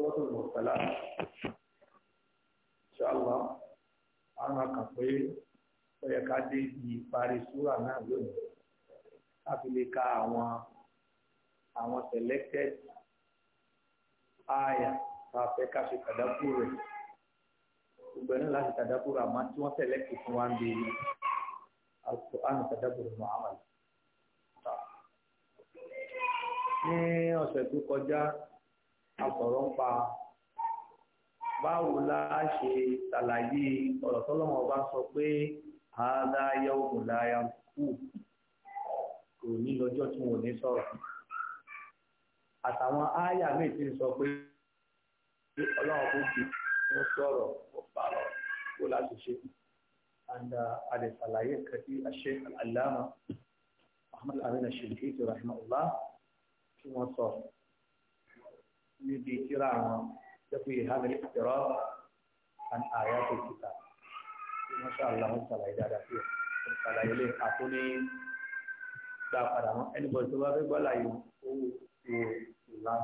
سورة المرسلات إن شاء الله أنا كفي ويكاد يباري سورة نازل أفلك أوان أوان selected آية فأفكا في كدابوري gbogbo ẹni láti tàdábùrù àmọ́ tí wọ́n tẹ̀lé kì fún wa ń bèrè alukur'an tàdábùrù muhammad. ní ọ̀sẹ̀ tó kọjá àsọ̀rọ̀ ń pa báwo la ṣe ṣàlàyé ọ̀rọ̀ tọ́lọ́mọ ọba sọ pé àádá yẹ ogun láyà kù kò ní lọ́jọ́ tí wọn ò ní sọ̀rọ̀ àtàwọn ááyà míì ti ń sọ pé ọlọ́run kò jù ń sọ̀rọ̀ kò parọ́ kó láti ṣe and uh, alẹ́ ṣàlàyé nǹkan tí àṣẹ aláàmà ahmed amin ṣèlú rahimahullah tí wọ́n sọ̀rọ̀ níbi ìṣirà àwọn jẹ́pẹ́ ìhàlẹ̀ ìṣẹ̀rọ and àyà tó kíkà tí wọ́n ṣàlàyé wọn ṣàlàyé dáadáa sí ẹ̀ ṣàlàyé lè àtún ní gbà padà wọn ẹnìbọ̀dì tó bá fẹ́ gbọ́ àlàyé owó ìwò ìlà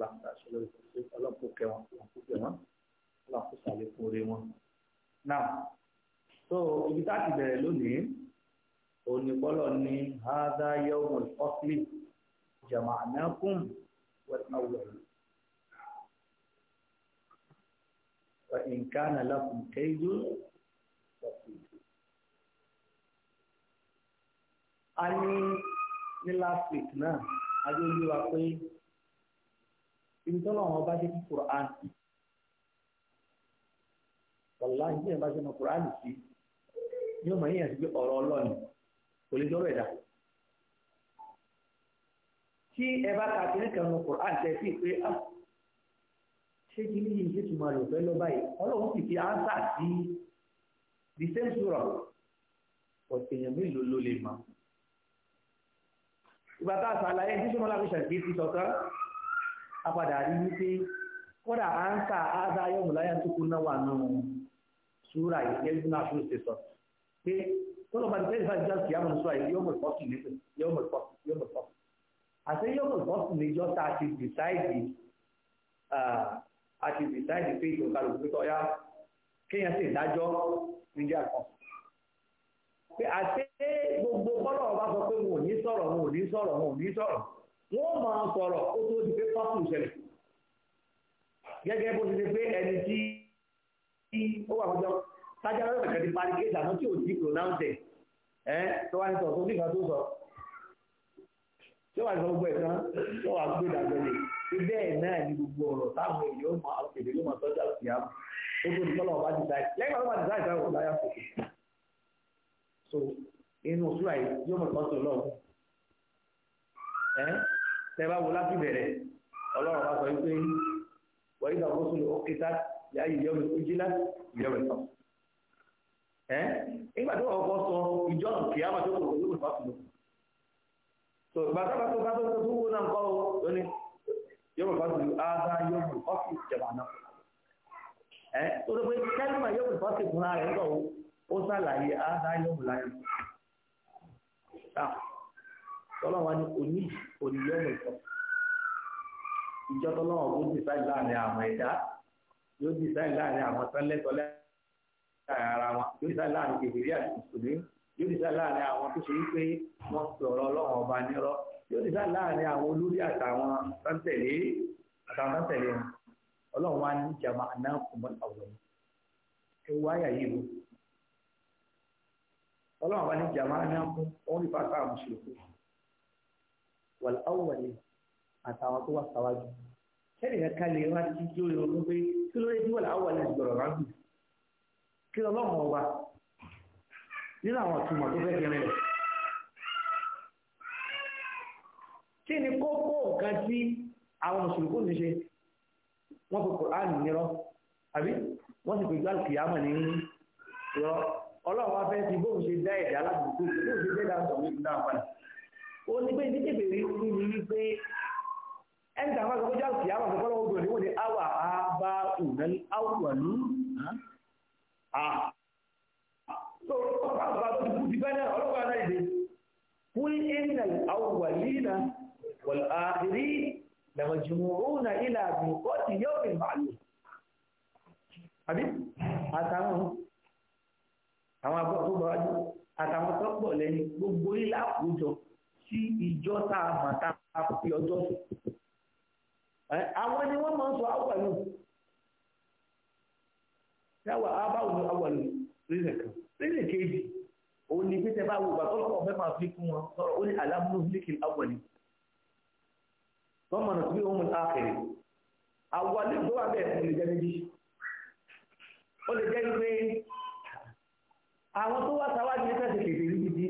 làǹtà ṣẹlẹ̀ ìṣẹ́ ọlọ́pọ̀ kẹwọn so ibi tá a ti bẹ̀rẹ̀ lónìí onígbọ́lọ̀ oh, ní hadha yawmul fasli jama'nakum wal awwalin فإن كان لكم كيد فكيدون a ní ní last week náà a yóò wa pé ibi tọ́lọ̀ wọn bá Quran wàláhí bí ẹ̀ bá ṣe Quran sí yóò mọ yíyan sí pé ọ̀rọ̀ ọlọ́ọ̀ni kò lè dọ́rọ̀ ẹ̀dá tí ẹ ka kí ní kan mọ Quran tẹ̀ sí pé ah, ṣé kí ní yìí ṣe túmọ̀ rẹ̀ fẹ́ lọ báyìí ọlọ́run sì fi ánsà sí the same sura ọ̀sẹ̀ èèyàn mélòó ló lè mọ̀ ìgbà tá a ṣàlàyé tí sọmọlá fi ṣàkí ti sọ̀tán a padà rí wípé kódà ánsà ádá yọ̀mù láyà tó kú náà wà nù sura yìí gẹ́gẹ́ bí náà fi ṣe sọ pé tọ́lọ́ bá ti tẹ́lifà jọ sí àmọ́ sura yìí yọ̀mù pọ́sì nípìn yọ̀mù pọ́sì yọ̀mù pọ́sì àti yọ̀mù pọ́sì níjọ́ tá a ti dìsáìdì a ti iji pé ìlú kalù tọ́yá kéèyàn sì dájọ́ níjẹ́ Pe pé àti gbogbo bọ́lọ̀ ọba sọ pé wọn ò ní sọ̀rọ̀ wọn ò ní sọ̀rọ̀ wọn ò ní sọ̀rọ̀ wọn máa sọ̀rọ̀ ó tó di pé pápù ṣẹlẹ̀ gẹ́gẹ́ bó ti ṣe pé ẹni tí ó wà sájà ti parí náà tí ò pronounce ẹ̀ tó wá ní bẹ́ẹ̀ náà ni gbogbo ọ̀rọ̀ táwọn èèyàn máa kéde ló máa tọ́jà sí àmọ́ ó tó nípa lọ́wọ́ bá ti dáì lẹ́yìn bá ti dáì táwọn ọ̀la yà sókè so inú sùúrà yìí yóò mọ̀ tọ́jú ọlọ́run ẹ tẹ bá wo láti bẹ̀rẹ̀ ọlọ́run bá sọ wípé wọ́n yíga bó sùn ó kíta yá ìyọ́ mi ó jílá ìyọ́ mi sọ ẹ nígbà tó ọkọ sọ ìjọ kìámà tó kò so ìgbà tó bá tó bá tó tó wó náà yóò bá dùn áádá yóò bù ọ́fì ìjọba náà ẹ tó ló pé kẹ́lìmà yóò bù ọ́fì fúnra rẹ̀ lọ ó sàlàyé áádá yóò bù láyé tọ́lọ́ wa ni òní òní yóò bù ìtọ́ ìjọ tọ́lọ́ wa ó dìsáì láàrin àwọn ẹ̀dá yóò dìsáì láàrin àwọn tọ́lẹ́tọ́lẹ́ ara wọn yóò dìsáì láàrin kèfèrí àti mùsùlùmí yóò dìsáì láàrin àwọn tó ṣe wípé wọ́n sọ̀rọ̀ ọlọ́run ọba nírọ́ yóò ti dá láàrin àwọn olórí àtàwọn sáńtẹ̀lé àtàwọn sáńtẹ̀lé wọn ọlọ́run wa ní jama anáàkùnmọ́ àwọn ewu àyà yìí lò ọlọ́run wa ní jama anáàkùn òun ní pàṣẹ àwọn mùsùlùmí wà láwùwàlẹ̀ àtàwọn tó wà sáwájú kẹ́ni ẹ̀ka lè rántí tí ó yọ ọdún pé kí ló dé tí wà láwùwàlẹ̀ ìgbọ̀rọ̀ rántí kí ọlọ́run ọba nínú àwọn ìtumọ̀ tó fẹ́ gẹ̀rẹ́ rẹ̀. kí ni kókó nǹkan tí àwọn mùsùlùmí kò ní ṣe wọ́n fi kùránì nírọ́ àbí wọ́n sì fi gbá kìyàmà ní rọ ọlọ́run wá fẹ́ ti bóun ṣe dá ẹ̀dá alábùkù bóun ṣe dá ẹ̀dá ọ̀sán náà padà ó ní pé ní kébèrè kú ni wípé ẹni tàbí àwọn akọ́jà kìyàmà tó kọ́ lọ́wọ́ gbòòrò níwọ̀n ni àwà àbá òun àwà lù so ọba àbá tó kú ti bẹ́ẹ̀ náà ọlọ́pàá náà ìdè fún ìnà àwà lílà والآخرين لمجموعون إلى ميقات يوم معلوم àbí àtàwọn àwọn agbọ́gbọ́ wájú àtàwọn tọ́pọ̀ lẹ́yìn gbogbo ilá àkójọ sí ìjọ táa màtá àpòpí ọjọ́ àwọn ni wọ́n máa ń sọ àwọ̀lù yàwó abáwò ní àwọ̀lù rírẹ̀ kan rírẹ̀ kejì òun ni pété bá wò bàtọ́lọ́pọ̀ fẹ́ máa fi kún wọn ó ní alámúlò níkìlì àwọ̀lù sọ́mọ̀ nà sí ohun àkèrè àwọlé tó wà bẹ́ẹ̀ fún lè jẹ́ méjì ó lè jẹ́ pé àwọn tó wá sáwájú ní fẹ́sẹ̀ kèfè rí gidi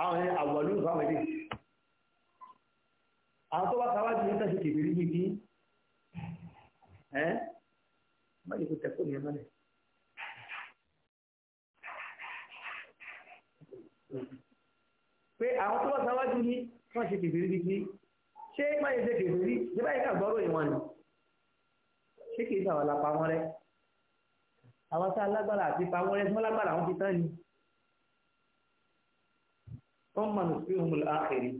àwọn àwọlé tó wà bẹ́ẹ̀ àwọn tó wá sáwájú ní fẹ́sẹ̀ kèfè rí gidi ẹ́ máyì kò tẹ́kọ̀ọ́ ní ẹ̀mọ́lẹ̀ pé àwọn tó wá sáwájú ní wọ́n ṣe kèfèrí bí sí ṣé má ṣe ṣe kèfèrí ṣé báyìí kà gbọ́rọ̀ ìwọ̀n ni ṣé kì í sàwọn lápá wọn rẹ àwọn tá a lágbára àti pa wọn rẹ tí wọ́n lágbára wọn ti tán ni wọ́n mọ̀ ní sí òun àkèrè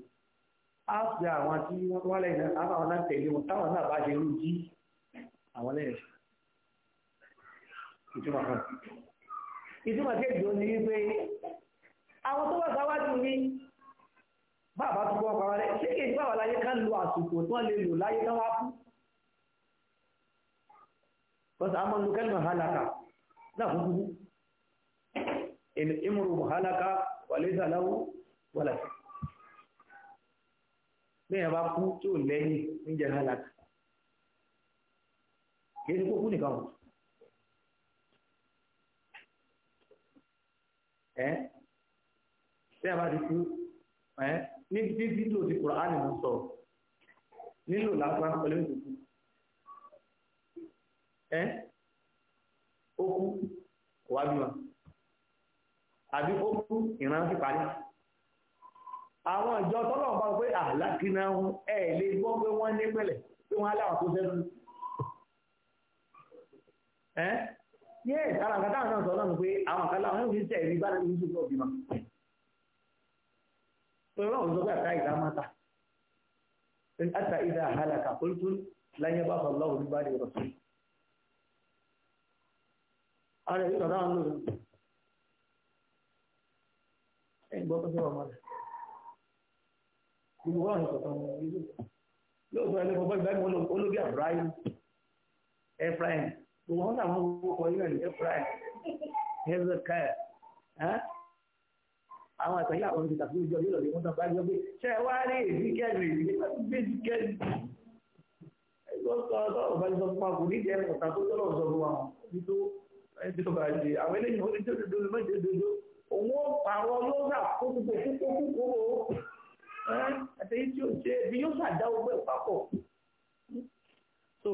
á fi àwọn tí wọ́n lẹ́yìn náà àwọn náà tẹ̀lé wọn táwọn náà bá ṣe rú jí àwọn lẹ́yìn ìtumọ̀ kan ìtumọ̀ kejì ó ní wípé àwọn tó wà sáwájú ní wá pàwọn rẹ̀ ṣé kì í gbà wà láyé ká lo àsìkò tí wọ́n lè lò láyé ká wá kú. bọ́sà àmọ́ lu kẹ́lìmọ̀ hálàkà náà fún kúkú ìmúrù hálàkà wàlẹ́sà láwù wàlàsì. bẹ́ẹ̀ bá kú tí ò lẹ́yìn oúnjẹ hálàkà kì í ṣe kókú nìkan wò. ẹ́ bẹ́ẹ̀ bá ti kú ní tí títò ti Kùránì mú sọ nílò lásán pẹ̀lú ìdòkú ẹ́ ó kú wá bímọ àbí ó kú ìran sí parí àwọn ìjọ tọ́lọ̀ bá pé àlákínà ẹ̀ lè gbọ́ pé wọ́n ní pẹ̀lẹ̀ pé wọ́n aláwọ̀ tó fẹ́ lù ẹ́ yẹ́ ìtara àkàtà náà sọ náà pé àwọn àkàlà wọn yóò fi tẹ̀ ẹ̀rí bá lórí ìṣòro ọ̀bìmọ̀ ọlọ́run sọ pé àtà ìdá mọ́ta àtà ìdá àhálàkà pólítún láyé bá fọ lọ́wọ́ nígbà rẹ̀ rọ̀sùn. ara ìlú ọ̀dá wọn lòdù ẹ̀yìn itu pé sọ̀rọ̀ Lo gbogbo wọn sọ̀tọ̀ wọn yìí lóòótọ́ ẹlẹ́kọ̀ọ́ bọ́ ìgbà ìwọ̀n olóbi àbúráyé Ephraim gbogbo wọn náà wọn wọ́pọ̀ yìí rẹ̀ Ephraim Hezekiah àwọn àtàyè àwọn olùdíkà fún ìjọ yóò lọ́lẹ̀ wọ́n tán báyìí wọ́n ṣe wá rí èdè kẹrin èdè méjì kẹrin ẹgbọ́n sọ ọ̀bá ìsọ fún akùn nídìí ẹ̀mọ̀ ta tó tọ́lọ̀ sọ fún àwọn ibi tó ẹbí tó bá ṣe àwọn eléyìí ó ní tó dodo ló mẹ́jọ dodo so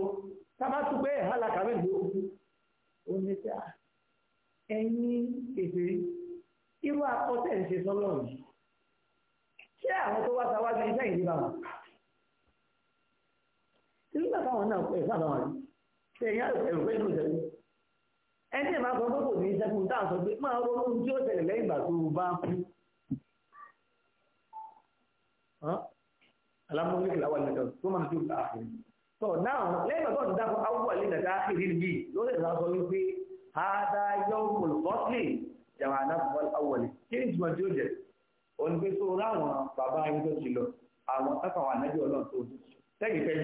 tábà tún pé ẹ̀hálà kàmí ìlú ó irú akọ́tẹ̀ ń ṣe sọ́lọ́run yìí ṣé àwọn tó wá sáwájú iṣẹ́ ìlú bá wọn nígbà táwọn náà pẹ̀ sábà wọn ṣe èyí ẹ̀rù pé inú ìṣẹ́lú ẹni ẹ̀ máa sọ pé kò ní í ṣẹ́kùn táà sọ pé máa ronú ohun tí ó ṣẹlẹ̀ lẹ́yìn ìgbà tó bá kú alámúlẹ̀ làwọn ìlànà tó máa tó gbà áfẹ́ so now lẹ́yìn ọ̀tọ̀ ti dákọ̀ awúwà lẹ́yìn ìdàkà ìrìn yìí ló lè sọ wípé àdáyọ̀ mọ̀lùkọ́sì jàmánà fún awọlẹ̀ kí ni ìtumọ̀ tí jẹ́ òun ráwọn bàbá tó ti lọ àwọn tákàwọn ànájọ ọlọ́run tó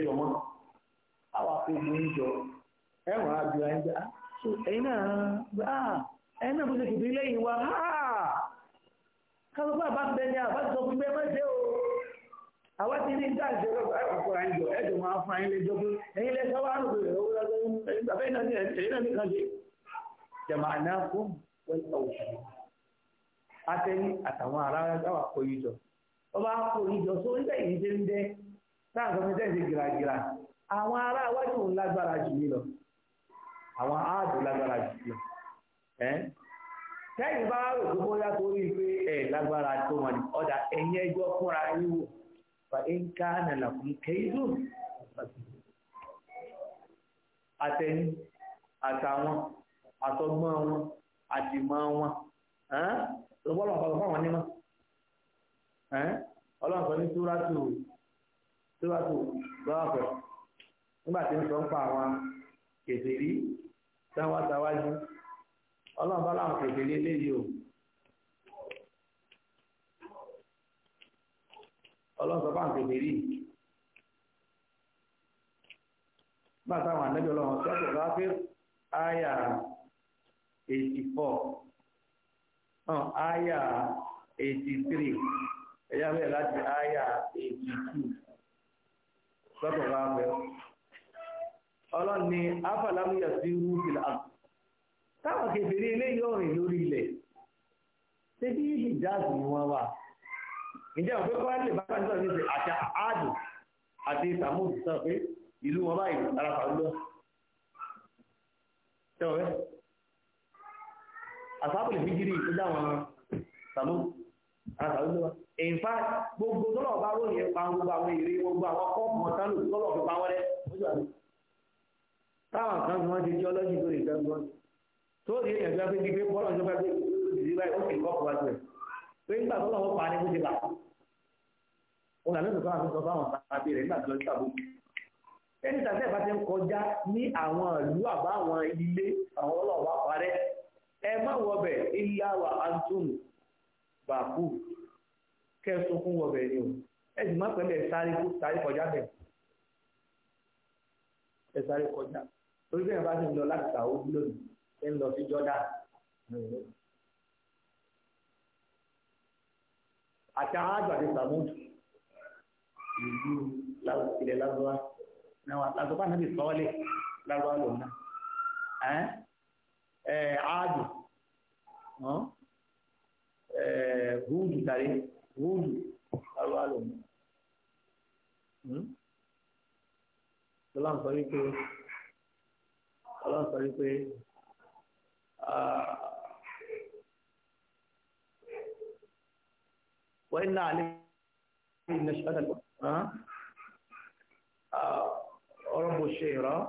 jọ mọ́ àwọn akógun ń jọ so ẹ̀yìn náà ẹ̀yìn náà bó ṣe lẹ́yìn wa kálọ́gbà bá bẹ àbá sọ fún bẹ́ẹ̀ o ti ní atẹ́rí àtàwọn ará dáwà kó yíjọ ọba kó yíjọ só nígbà ṣe ń ṣe gìràgìrà àwọn ará ń lágbára jù mí lọ àwọn áàdù lágbára jù mí lọ tẹ́yìn bá rò tó bóyá tó rí pé lágbára tó wọn ni ẹ̀yìn ẹjọ́ fúnra yín wò àdìmọ́ wọn ọlọ́run ọ̀pọ̀ ọlọ́run sọ ní lọ́wọ́pẹ̀ nígbà tí ń sọ ń pa àwọn kèfèrí ọlọ́run bá láwọn kèfèrí eléyìí o ọlọ́run sọ fáwọn kèfèrí nígbà táwọn ọlọ́run láfẹ́ eighty four náà àyà eighty three ẹ̀yà bẹ́ẹ̀ láti àyà eighty two lọ́tọ̀ bá bẹ́ẹ̀ ọlọ́run ni afàlámúyà sí rúfìlà táwọn kèfèrè eléyìí ọ̀rìn lórí ilẹ̀ ṣé bí ìjáàzù ni wọ́n wà ǹjẹ́ òfin kọ́ lè bá ń sọ̀rọ̀ níbi àti àádù àti ìsàmúlò sọ pé ìlú wọn báyìí arákàlú lọ àsábòlè méjìlì ìpínlẹ̀ àwọn sàmú àtàlùlọ́wà in fact gbogbo tọ́lọ̀ bá rò yẹn pa gbogbo àwọn èrè gbogbo àwọn kọ́ọ̀pù ọ̀tánù tọ́lọ̀ fi pa wọ́lẹ́ táwọn kan fi wọ́n ti jẹ́ ọlọ́jì lórí ìtẹ́gbọ́n tó rí èèyàn gbá pé gbígbé bọ́lọ̀ ìjọba gbé ìdí báyìí ó sì kọ́ọ̀pù wájú ẹ̀ pé nígbà tọ́lọ̀ ó pa ní bó ti bà ó là lóṣù káwọn sọ fáwọn tàbí rẹ̀ nígbà tó ń tàbó ẹni tàbí ẹ̀ bá ti ń kọjá ní àwọn ìlú àbáwọn ilé àwọn ọlọ́ọ̀bá parẹ́ ẹ má wọbẹ̀ ilá wa antum bàkú kẹsùn fún wọbẹ̀ ni o ẹ sì má pẹ̀lẹ́ sáré kú sáré kọjá bẹ̀ ẹ sáré kọjá torí bẹ́ẹ̀ bá ti ń lọ láti sàwọ́ lónìí ẹ ń lọ sí jọ́dá àti àwọn àjọ sàmúdù ìlú ilẹ̀ lárúbá náà làtọ́bá ti sọ́ọ́lẹ̀ lárúbá lòun náà. Eh, áàdù húùdù eh, tàrí húùdù arúgbó lòmù hmm. lọ́la ń sọ wípé lọ́la ń sọ wípé wọ́n ń ná àlẹ́ ìnáṣẹ́ ọ̀rọ̀ bó ṣe rán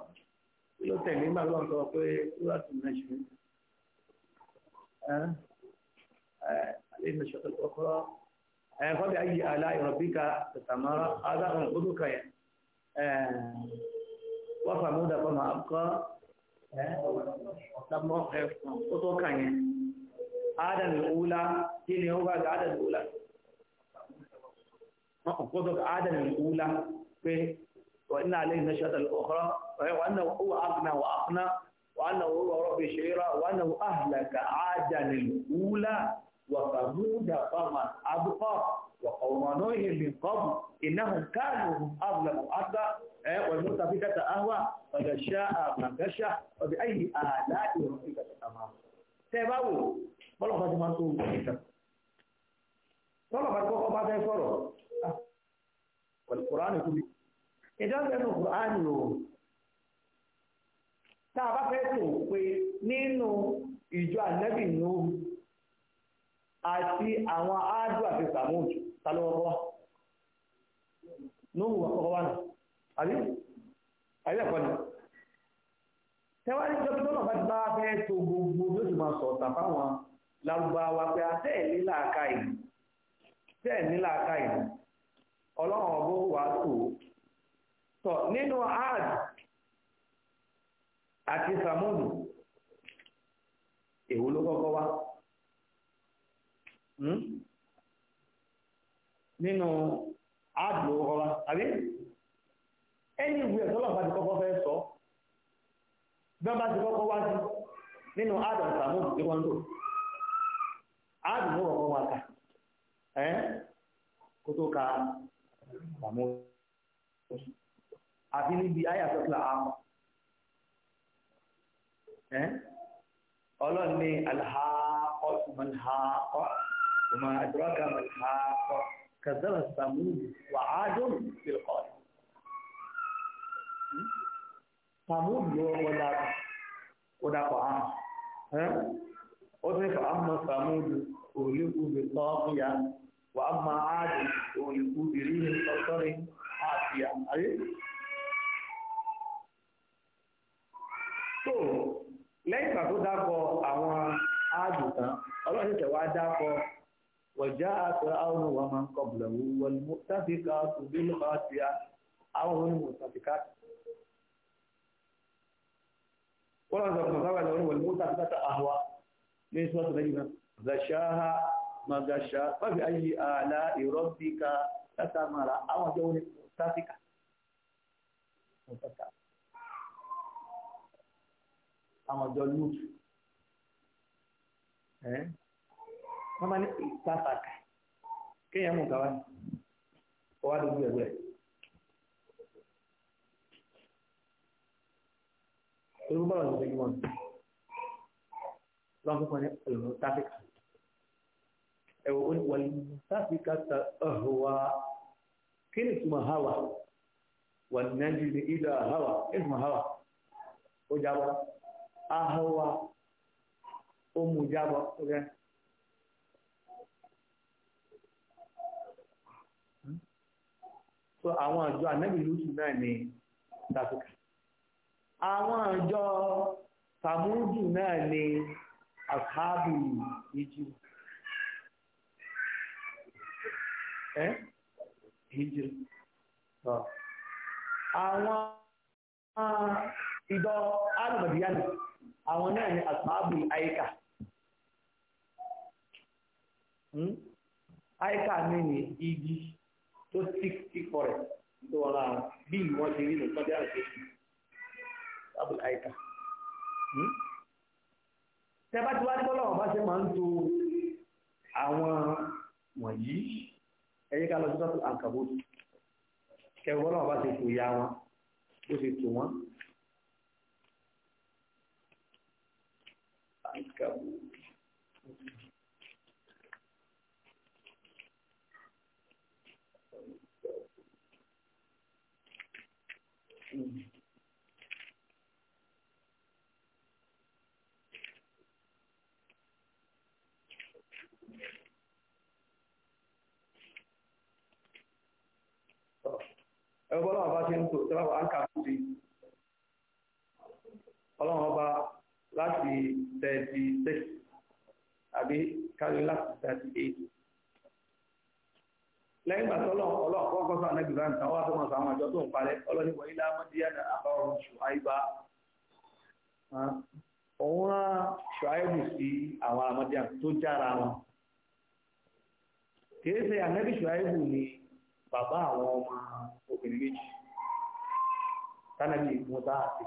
ló tẹ̀lé nígbà tó sọ pé túwàtú náà ṣe alẹ́nu ṣọ́tọ̀ kọ́kọ́rọ́ ẹ̀kọ́ bí ayé aláìrọ̀bíkà tẹ̀tàmọ́rọ́ agbára òdùkà yẹn wọ́n fàmúdà fọmọ àkọ́ ọ̀tàmọ́ ẹ̀fọn tó tó kà yẹn ìwúlá kí ni ó bá gba ádàn ìwúlá wọ́n tó ádàn ìwúlá pé وإن عليه نشاه الأخرى وأنه هو أغنى وأقنى وأنه هو رب شعيرة وأنه أهلك عادا الأولى وثمود فمن أبقى وقوم نوح من قبل إنهم كانوا هم أظلم أرضا والمتفكة أهوى فغشاء من غشى وبأي آلاء ربك تتمام سيباو bọ́lọ̀ ما تقول máa tó تقول nìkan bọ́lọ̀ bá ti ìjọ́sẹ̀nù Kùránì o tá a bá fẹ́ tó pé nínú ìjọ ànẹ́bì nù àti àwọn áádùn àti sàmúdù tálọ́wọ́wọ́ nóhù ọkọ̀ wà nù àbí àbí ẹ̀kọ́ ni bá ti bá fẹ́ tó gbogbo ló ti máa sọ̀tà fáwọn lárúbáwá pé tọ̀ nínú Ad àti Samudu èwo ló kọ́kọ́ wá hmm? nínú Ad ló kọ́kọ́ wá àbí ẹni ìwé ẹ̀tọ́ lọ́pàá ti kọ́kọ́ fẹ́ sọ bí wọ́n bá ti kọ́kọ́ wá sí nínú Ad àti Samudu tí wọ́n ń Ad ló kọ́kọ́ wá kà ẹ́ kó tó ka Samudu. àti níbi ayàtọ́tà àmọ́ ọlọ́run ní alhaakọ́ malhaakọ́ ọmọ àdúrákà malhaakọ́ kàzẹ́rẹ̀ sàmúlù wà áádọ́rù fìlkọ́ sàmúlù lọ́wọ́ lára ó dàpọ̀ àmọ́ ó tún kà àmọ́ sàmúlù òlìkú bí tọ́ọ̀kìyà wà á máa áádọ́rù òlìkú bí rí ní ọ̀sọ́rin àti àárín So, lẹ́yìn ìgbà tó dákọ̀ àwọn áàdù tán ọlọ́run ṣẹ̀ṣẹ̀ wá dákọ̀ wọ̀já àti àwọn ọmọ máa ń kọ́ bùlọ̀wù wọlé mọ́tàfíkà ṣùgbọ́n lọ́wọ́ ti a àwọn onímọ̀ mọ́tàfíkà. wọ́n lọ́wọ́ sọ̀rọ̀ sọ̀rọ̀ sọ̀rọ̀ lọ́wọ́ wọlé mọ́tàfíkà àhùwà ní sọ́ọ̀tù lẹ́yìn náà gàṣáhà màgàṣá wọ́n fi ayé àlà ìrọ́bíkà látàmàrà àwọn ọjọ́ onímọ̀ mọ́tàfíkà àwọn ọ̀dọ́ lúùtù wọ́n máa ní ìtàfàkà kéèyàn mú kàwá ọwá dojú ẹ̀rọ ẹ̀. olùkọ́ bọ́ọ̀lù ọ̀sẹ̀ yìí wọ́n lọ́n fún ní ọ̀lọ́run táfíkà ẹ̀wọ̀n oníwọ̀lì táfíkà ta ọ̀hùwà kí ni túmọ̀ háwà wà ní nàìjíríà ìdá háwà kí ni ó jábọ́. ahọ́wà omùjábọ̀ rẹ̀. so àwọn àjọ anẹ́bìlúsù náà ni dàtùkà àwọn àjọ tàmúrùdù náà ni àkáàbì ìjì ẹ́ ìjì ọ̀ àwọn ah, ìjọ alùmọ̀díyàní àwọn náà ni àtàbù àyíká àyíká ní ní igi tó thick thick forest tó wọ́n lára bí wọ́n ti rí nìkan bí àṣẹ àtàbù àyíká tẹ́bá ti wá ní bọ́lá ọ̀bá ṣe máa ń to àwọn wọ̀nyí ẹ̀yẹ́ ká lọ sí sọ́tò àǹkàbó kẹ́wọ́ bọ́lá ọ̀bá ṣe tò ya wọn ó ṣe tò wọ́n العنكبوت ẹgbọ́n náà ti ń tò tí wọ́n bá ń kà fún sí ọlọ́run ọba láti thirty six àbí kárí láti thirty eight lẹ́yìn ìgbà tó lọ́wọ́ ọlọ́ọ̀kọ́ ọgọ́sọ anẹ́gbẹ̀rẹ́ nǹkan wá tó mọ̀ sọ àwọn àjọ tó ń parẹ́ ọlọ́ni wọ̀nyí lámọ́díyàdà àbáwọn ṣùáìbá òun rán ṣùáìbù sí àwọn àmọ́díyà tó jára wọn kìí ṣe ànẹ́bí ṣùáìbù ni bàbá àwọn ọmọ obìnrin méjì tánàbí musa àti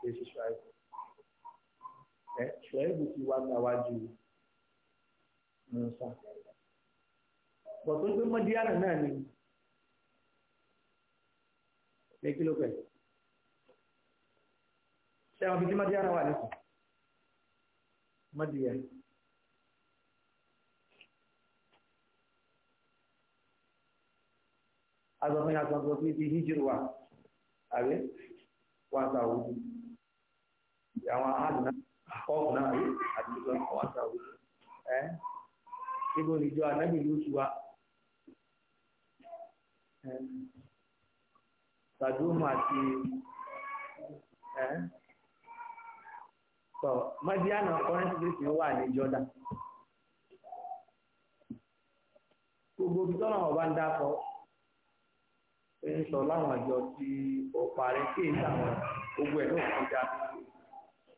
kìí ṣe ẹ ṣùgbọ́n ti wá gbàwájú Musa bọ̀ tó gbé náà ni ní kí ló pẹ̀ ṣé àwọn fìdí mọ́díyàrá wà nìkan mọ́díyàrá. azɔfin azɔfin fi ti hijiru wa abe wa ta o àwọn ahadu náà kọ́ọ̀kù náà rí àti ìjọ ọ̀wá sáwọ́ ẹ́ ibo ìjọ anábì ló ti wá sàdúmù àti ẹ́ sọ mọ́díánà ọ̀rẹ́ǹtì kìrìsì wà ní jọ́dá gbogbo ibi tọ́nà ọba ń dákọ̀ ń sọ láwọn àjọ tí ó parẹ́ kéèké àwọn gbogbo ẹ̀ ló kọjá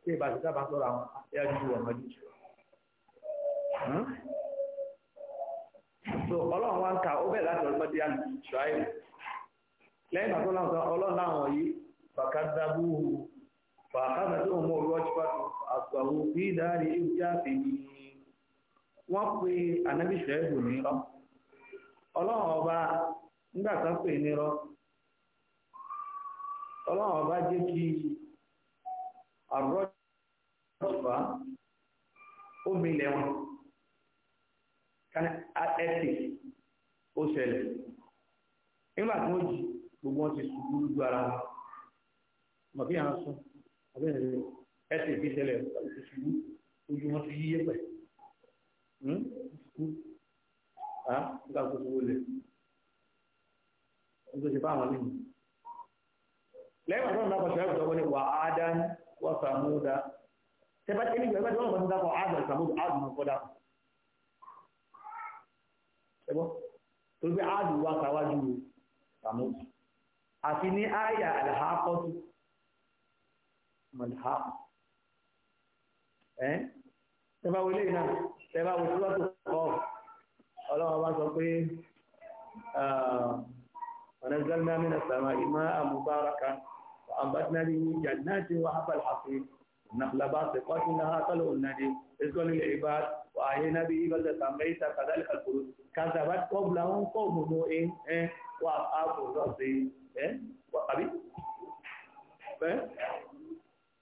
tí ìbá ṣe dábàá hmm? ka ó láti ọlọ́mọdé àlù ṣááyé lẹ́yìn ìgbà tó láwọn sọ ọlọ́run láwọn yìí bàkà dábú fàákàtà tó mú orí ọjọ́ pàtó àgbàwò bí dáàrí pe ọba nígbà pè ọba kí ọ̀rọ̀ ọ̀fà omi ilẹ̀ wọn ethics ó ṣẹlẹ̀ nígbà tí wọ́n jí gbogbo wọn ti ṣubú lójú ara wọn màbí àwọn sùn àbí ẹ̀rọ ethics fi ṣẹlẹ̀ ti ṣubú ojú wọn ti yí yẹpẹ̀ ṣubú hmm? á nígbà tó ṣubú lẹ̀ nígbà tó ṣe fáwọn nínú lẹ́yìn àtúntò náà kọ̀ṣẹ́ àgùntàn wọn ni wà á dání wọ́n sàmúdà tẹ́bá tẹ́lẹ̀ ìgbà ìgbàdí wọ́n mọ̀ sí dápọ̀ ààbò ìsàmúdà ààbò mọ̀ kọ́dà ẹgbọ́ tó gbé ààbò wa sáwájú sàmúdà àti ní àyà àlàákọ́tù mọ̀lá ẹ́ tẹ́bá wọlé náà tẹ́bá wọlé tó kọ́ ọlọ́wọ́ bá sọ pé ọ̀nà ìgbàlẹ́ فأنبتنا به جنات وحب الحصيد النخل باسقات لها طلع الندي رزق للعباد وأحيينا به بلدة ميتة كذلك الخلود كذبت قبلهم قوم نوح إيه؟ وأصحاب إيه وأبي إيه؟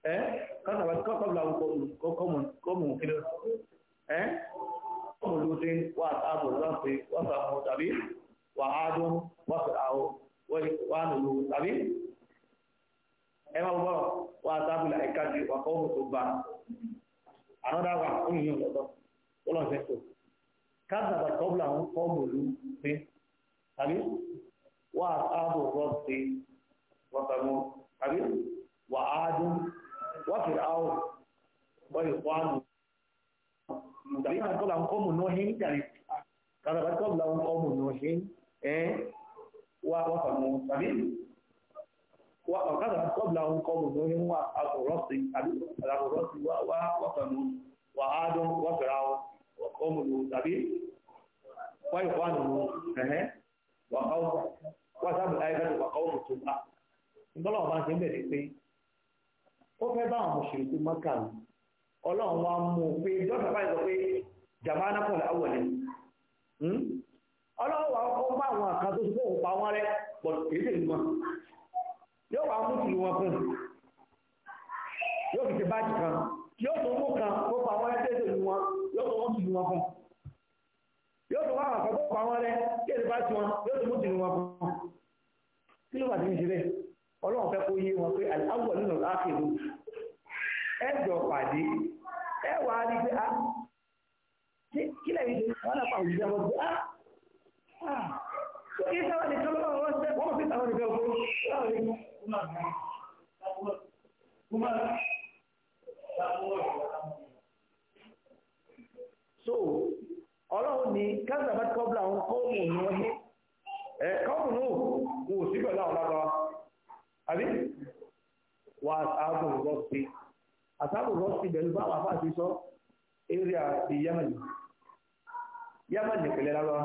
إيه؟ كذبت قبلهم قوم قوم قوم قوم لوط وأصحاب الرس وثمود أبي وعاد وفرعون وعنود أبي ẹ máa bọ́ wà sábùlà ẹ̀ka ju wà kọ́ tó bá anọ́dá wà ó yìí lọ́tọ́ ó lọ́sẹ̀ tó káàdàbà tọ́bùlà ń kọ́ mòlú pé tàbí wà sábù rọ́ọ̀tì wọ́pẹ̀mọ́ tàbí wà áádùn wọ́pẹ̀ áwọ̀ wọ́yẹ̀ kwánù tàbí wà tọ́bùlà ń kọ́ mò náà hí níjàre tọ́bùlà ń kọ́ mò náà hí wà wọ́pẹ̀mọ́ tàbí وكان قبلهم قوم نوح والرس وثمود وعاد وفرعون وقوم لوط وإخوان لوط وقوم وثمود أيضا وقوم ثمود nígbọ́n ọba ṣe ń bẹ̀rẹ̀ pé ó fẹ́ yóò wà mú tìlú wọn fún yóò fi ṣe báàjì kan yóò tó mú kan kó pa wọn ẹgbẹ́ ìlú wọn yóò tó mú tìlú wọn fún yóò tó wà wọn kan kó pa wọn rẹ kí èdè bá ti wọn yóò tó mú tìlú wọn fún kí ló bá ti ń ṣe bẹ́ẹ̀ ọlọ́run fẹ́ kó yé wọn pé àwọ̀ nínú àkèrò ẹjọ pàdé ẹ wà á rí pé a ah, kí lẹ́yìn ṣe wọn náà pa òṣìṣẹ́ kí táwọn nìkan lọ́wọ́ wọn ṣe wọ́n fi táwọn nìkan fún táwọn nìkan fún máa fún máa so ọlọ́run ní kásábà kọ́bla àwọn kọ́ọ̀mù ní wọ́n ní ẹ̀ kọ́ọ̀mù náà kò sí pẹ̀lú àwọn lábáwá àbí wà àtàbù rọ́ọ̀sì àtàbù rọ́ọ̀sì pẹ̀lú báwọn afáàṣì sọ area ti yamani yamani pẹ̀lẹ́ lábáwá.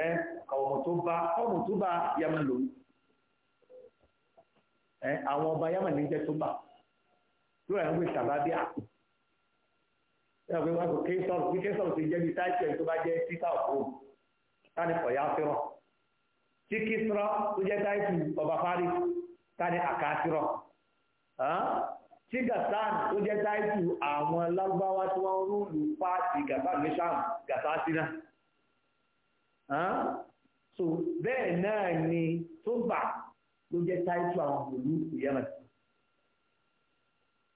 ẹ́ ọ̀mù tó bá ọ̀mù tó bá yaman lòun ẹ́ àwọn ọba yaman ní jẹ́ tó bá lóra ń gbé sàbábíà ẹ ọ̀gbẹ́ wọn kò ké sọ̀rọ̀ kí ké sọ̀rọ̀ ti jẹ́ bí táìpì ẹ̀ tó bá jẹ́ títà òkú táni ọ̀yá fẹ́ràn tí kí sọ̀rọ̀ tó jẹ́ táìpì ọba fárí táni àkàtìrọ̀ tí gàtán tó jẹ́ táìpì àwọn lágbáwá tí wọ́n rúlù pààtì gàtán ní sáàmù gàtán sí náà so bẹ́ẹ̀ náà ni tó bà ló jẹ́ táìtù àwọn òlú yemen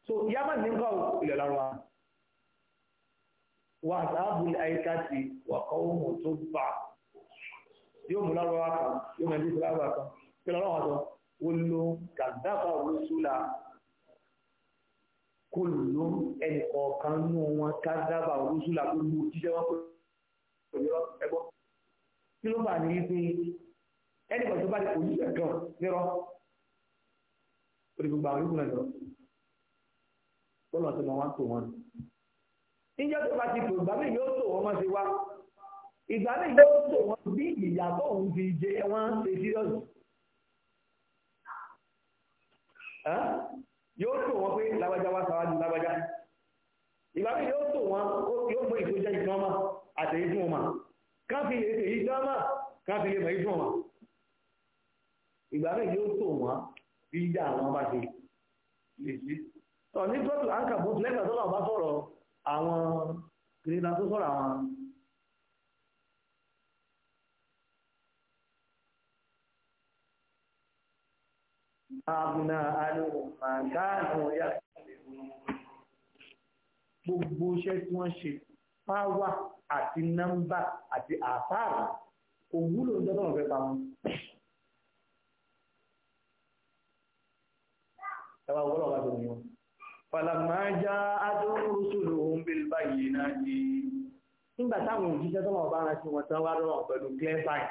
so yemen ní nǹkan ilẹ̀ lọ́wọ́ wa sábùl àyíkáàtì wà kọ́wọ́mù tó bà yóò mú lọ́wọ́ kan yóò mẹ́rin tó lọ́wọ́ kan kí lọ́wọ́ sọ wọ́n ló kàdáfà rúṣùlà kò ló ẹnì kọ̀ọ̀kan nú wọn kàdáfà rúṣùlà kò jíjẹ́ wọn pẹ̀lú ẹgbọ́n kí ló fà ní wípé ẹnì kan tó bá lè kò ní ìṣẹ̀kan nírọ̀ orí gbogbo àwọn ìlú náà lọ tọ́lọ̀ tí wọ́n wá tò wọ́n. níjọ́ tó bá ti tò ìgbà míì yóò tò wọ́n mọ́ sí wa ìgbà míì yóò tò wọ́n bí ìyá tó ń fi jẹ wọ́n ṣe sírọ́ọ̀sì. yóò tò wọ́n pé lágbájá wá sáwájú lágbájá ìgbà míì yóò tò wọ́n yóò mú ìtòjẹ́ ìtàn ọmọ àtẹ̀yẹ́ fún ọmọ káfí lè tèyí dámà káfí lè mẹ́rin fún wọn ìgbà mẹ́rin yóò tó wọn bí dá àwọn bá ṣe lè ṣe tọ̀ ní tọ́tù ankabu lẹ́gbà tó náà bá sọ̀rọ̀ àwọn kìrìnà tó sọ̀rọ̀ àwọn abúná alùpàdánù yá gbogbo iṣẹ́ tí wọ́n ṣe fáwà àti nọ́mbà àti àfáàrà kò wúlò ń dọ́tọ̀ fẹ́ pa wọn. Ẹwà wọ́lọ̀ wá lórí wọn. Fàlàmà já adúrú sùlù ohun bí báyìí náà di. Nígbà táwọn òjíṣẹ́ tọ́mọ̀ bá rán sí wọn tán wá rọrùn pẹ̀lú clear sign.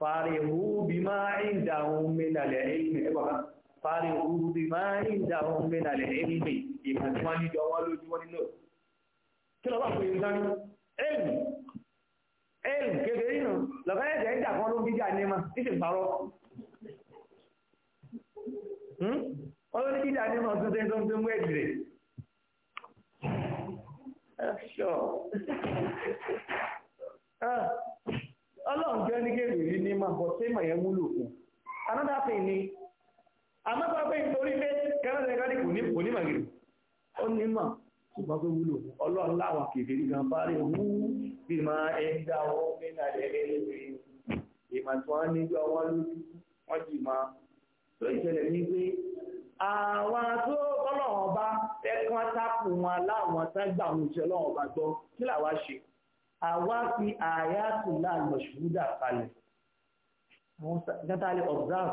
Fàrìhù bí máa ń dà ohun mẹ́nàlẹ̀ ẹ̀yìn ẹ̀kọ̀ká. Fàrìhù bí máa ń dà ohun mẹ́nàlẹ̀ ẹ̀yìn ìmọ̀ tí wọ́n ní jọ wọ́n lójú wọn nínú kí lọ́wọ́ àpòyè dání ẹ̀lù ẹ̀lù kékeré nù lọ́kọ́ ẹ̀jẹ̀ ìjà kan ló ń bíjà ní ma títí parọ́ ọlọ́ ní bíjà ní ma tún tẹ́ tó ń tún mú ẹ̀jì rẹ̀ ẹ̀ṣọ́ ọlọ́run jẹ́ ní kéèrè rí ní ma bọ̀ sí ìmọ̀ yẹn múlò fún another thing ni àmọ́ sọ pé nítorí pé kẹ́rẹ́sẹ̀ kárìkù ní onímọ̀ ó ní mọ̀ nǹkan tó wúlò ọlọ́run láwọn kèfèrí gan bá rí wú bí máa ẹ dá wọn nínú àdẹ́gẹ́ lórí ìmọ̀ tí wọ́n ní gbọ́ wọn lójú wọ́n jì máa tó ìṣẹ̀lẹ̀ ní pé àwọn tó tọ́lọ́wọ́n bá ẹ̀kan tápù wọn láwọn tágbà àwọn òṣìṣẹ́ lọ́wọ́n bá gbọ́ kí làwa ṣe àwa fi àyàtù láàlọ́ ṣùgbúdà kalẹ̀ àwọn gátàlẹ̀ observe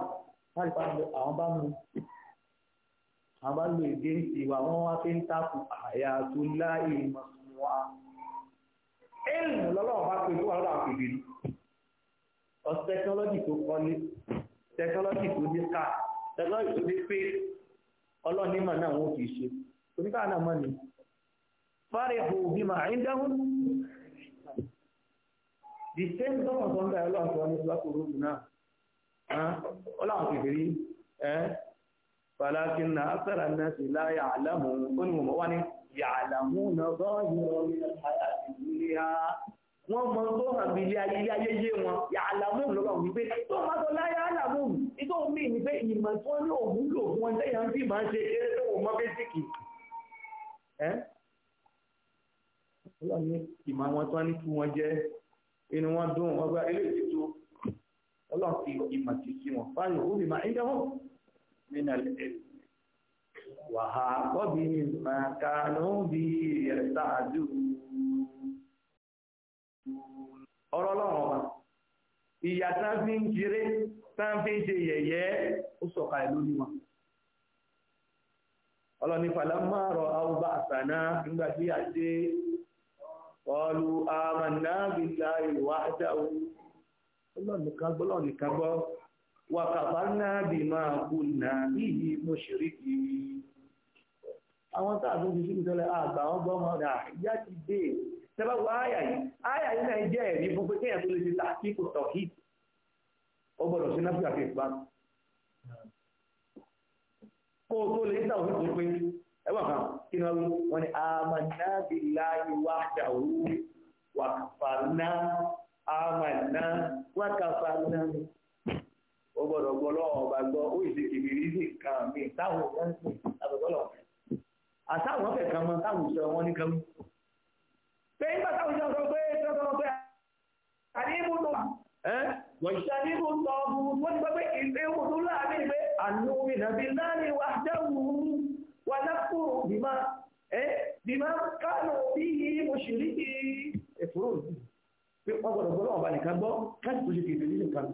a máa ń lo èdè ń ti wà wọ́n wá fi ń takùn àyà tó láì mọ̀ wá. ẹ̀rùn lọ́lọ́wọ́ bá pe tó wà lọ́dọ̀ àwọn kèbèrè ọ̀sì tẹkinọ́lọ́jì tó kọ́lé tẹkinọ́lọ́jì tó dé ká tẹkinọ́lọ́jì tó dé pé ọlọ́ọ̀nímọ̀ náà wọ́n fi ṣe oníkà náà mọ́ ni fárẹ̀kù òbí máa ń dáhùn the same tọ́kàn tó ń bá ọlọ́run tó wọ́n ní náà ọlọ́run kèbèrè falakin na asara nasi la ya'lamu ó ní mọ̀mọ́ wá ní ya'lamu mọ tó hàn bí ilé ayé ayé yé wọn ya'lamu lọ́wọ́ òun tó máa tó láyé àlàmù ìtò mí ní pé ìmọ̀ tí wọ́n ní òun lò fún ọjọ́ ìyá ń máa ń ṣe eré tó ní tó ní kí inú wọn dùn ọgbà ti sí wọn fáyọ̀ ó ń من العلم وحاق بهم ما كانوا به يستعجلون ọ̀rọ̀ ọlọ́run ọba ìyà tán fi ń jiré tán fi ń ṣe yẹ̀yẹ́ ó sọ̀kalẹ̀ lórí wọn ọlọ́ni falamma ra'aw ba'sana nígbà tí a ṣe qalu amanna billahi wahdahu ụlọ gbọ́ wàkàfàánà ma máa kú nà àwọn táàtún fi síbi tọ́lẹ̀ àgbà wọn gbọ́ ọmọ ọ̀dà ah, ìyá ti dé tẹ́bàgbọ́ àyà yìí àyà yìí náà jẹ́ ẹ̀rí fún pé kéèyàn tó lè kò tọ̀ ó gbọ́dọ̀ sí fi kó o tó lè ta òfin tó pé ni wọ́n ní ó gbọ́dọ̀ gbọ́ lọ́wọ́ ọba gbọ́ ó ìṣe kìbìrì sí nǹkan mi táwọn ọ̀gá ń sìn àbẹ̀tọ́lọ̀ àtàwọn ọ̀fẹ́ kan mọ táwọn ìṣẹ́ wọn ní kan mú. pé nígbà táwọn ìṣẹ́ sọ pé sọ pé àníbù tó ẹ́ wọ̀ṣẹ́ àníbù tó ọ̀bù wọ́n ti gbọ́ pé ìléwò tó láàbí pé ànúmi nàbí láàrin wa dẹ́wù wa lápò bímá ẹ́ bímá kánò bí òṣèré èfúrò pé wọ́n gbọ́dọ̀ gbọ́ lọ́wọ́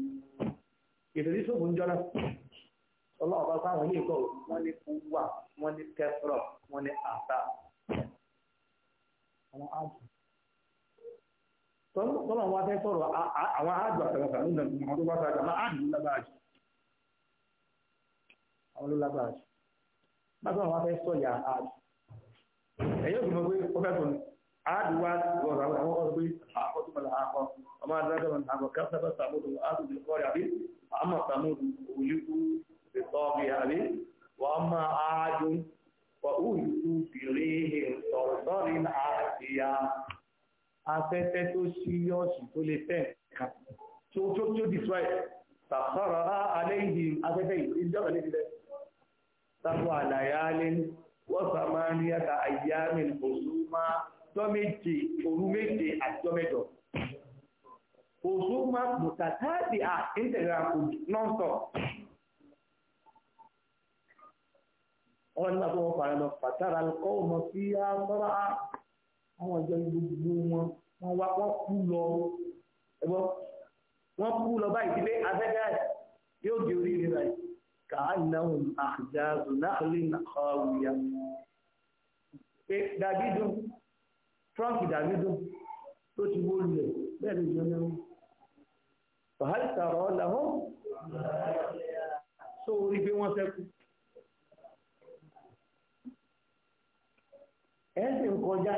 ìdílé ṣòfò ń jọ́nà ọlọ́run sáwọn yìí kọ́ wọ́n ní kúwà wọ́n ní tẹ́frọ̀ wọ́n ní àtà àwọn áàjù tọ́lọ̀ wọn fẹ́ sọ̀rọ̀ àwọn áàjù àtàlàtà ló nà mọ́ tó bá sáájú àwọn ló lágbára jù wọn fẹ́ sọ̀yà mọ̀ pé ó fẹ́ عاد وعاد حاقت وما أدراك من كسب ثمود أما ثمود بالطاغية وأما عاد صرصر jọ́ méje òru méje àti jọ́ mẹ́jọ òṣùmá mùtàtàdì à ìtẹ̀gbàkù nọ́ńtọ̀ wọ́n nígbà tó wọ́n fara lọ pàtàrà kọ́ ọmọ sí àtọ́rà àwọn ìjọ gbogbo wọn wọ́n wá wọ́n kú lọ ẹgbọ́ wọ́n kú lọ báyìí sílé afẹ́fẹ́ yóò di orí rẹ̀ báyìí kàánàwò náà lè nà kọ́ wíyà pé dàbí dùn trump davido tó ti wó lulẹ̀ bẹ́ẹ̀ ló jẹ́ náà fàhálì tààrọ̀ làwọn sọ orí bí wọ́n sẹ́kù ẹ̀ sì ń kọjá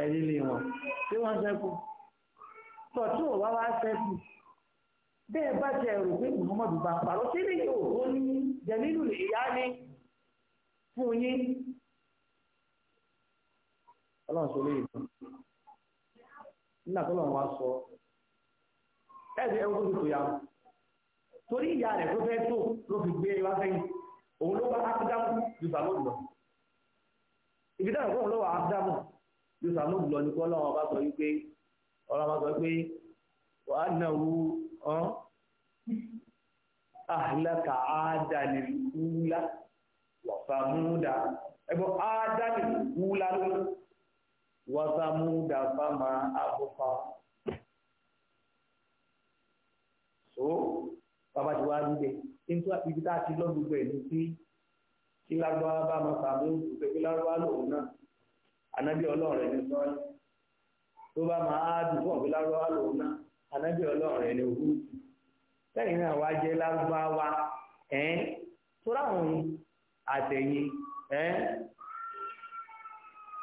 ẹ̀rí lè wọ̀n tí wọ́n sẹ́kù tọ̀tún ò wá wá sẹ́kù bẹ́ẹ̀ bá jẹ́ ẹ̀rù pé muhammadu bá parọ́ sí ní yóò tó ní jẹ́ nínú ìyá ní fún yín ọlọ́run sọ léyìn nígbà tó lọ́run wá sọ ẹ̀sìn ẹ̀wọ́n tó ti tò yà torí ìyá rẹ̀ tó fẹ́ tó ló fi gbé wá sẹ́yìn òun ló bá áfídámù ju sàmúlù lọ ibi táwọn ọ̀gbọ́n ló wà áfídámù ju sàmúlù lọ ni kí ọlọ́run bá sọ wípé ọlọ́run sọ pé wàá náwó ọ́n ahlaka adani wúlá wàfàmúdà ẹgbọ́n adani wúlá lónìí wàtàmúdà fáma àbúfà so bàbá ti wá níbẹ̀ nítorí ibi tá a ti lọ gbogbo ẹ̀ ní sí kí lágbára bá máa sàmú ìgbé kí lágbára lòun náà ànábì ọlọ́run rẹ̀ ní sọ́ọ́lì tó bá máa á dùn fún ọ̀gbẹ́ lágbára lòun náà ànábì ọlọ́run rẹ̀ ní òkú lẹ́yìn náà wá jẹ́ lágbára wa ẹ̀ tó ráhùn àtẹ̀yìn ẹ̀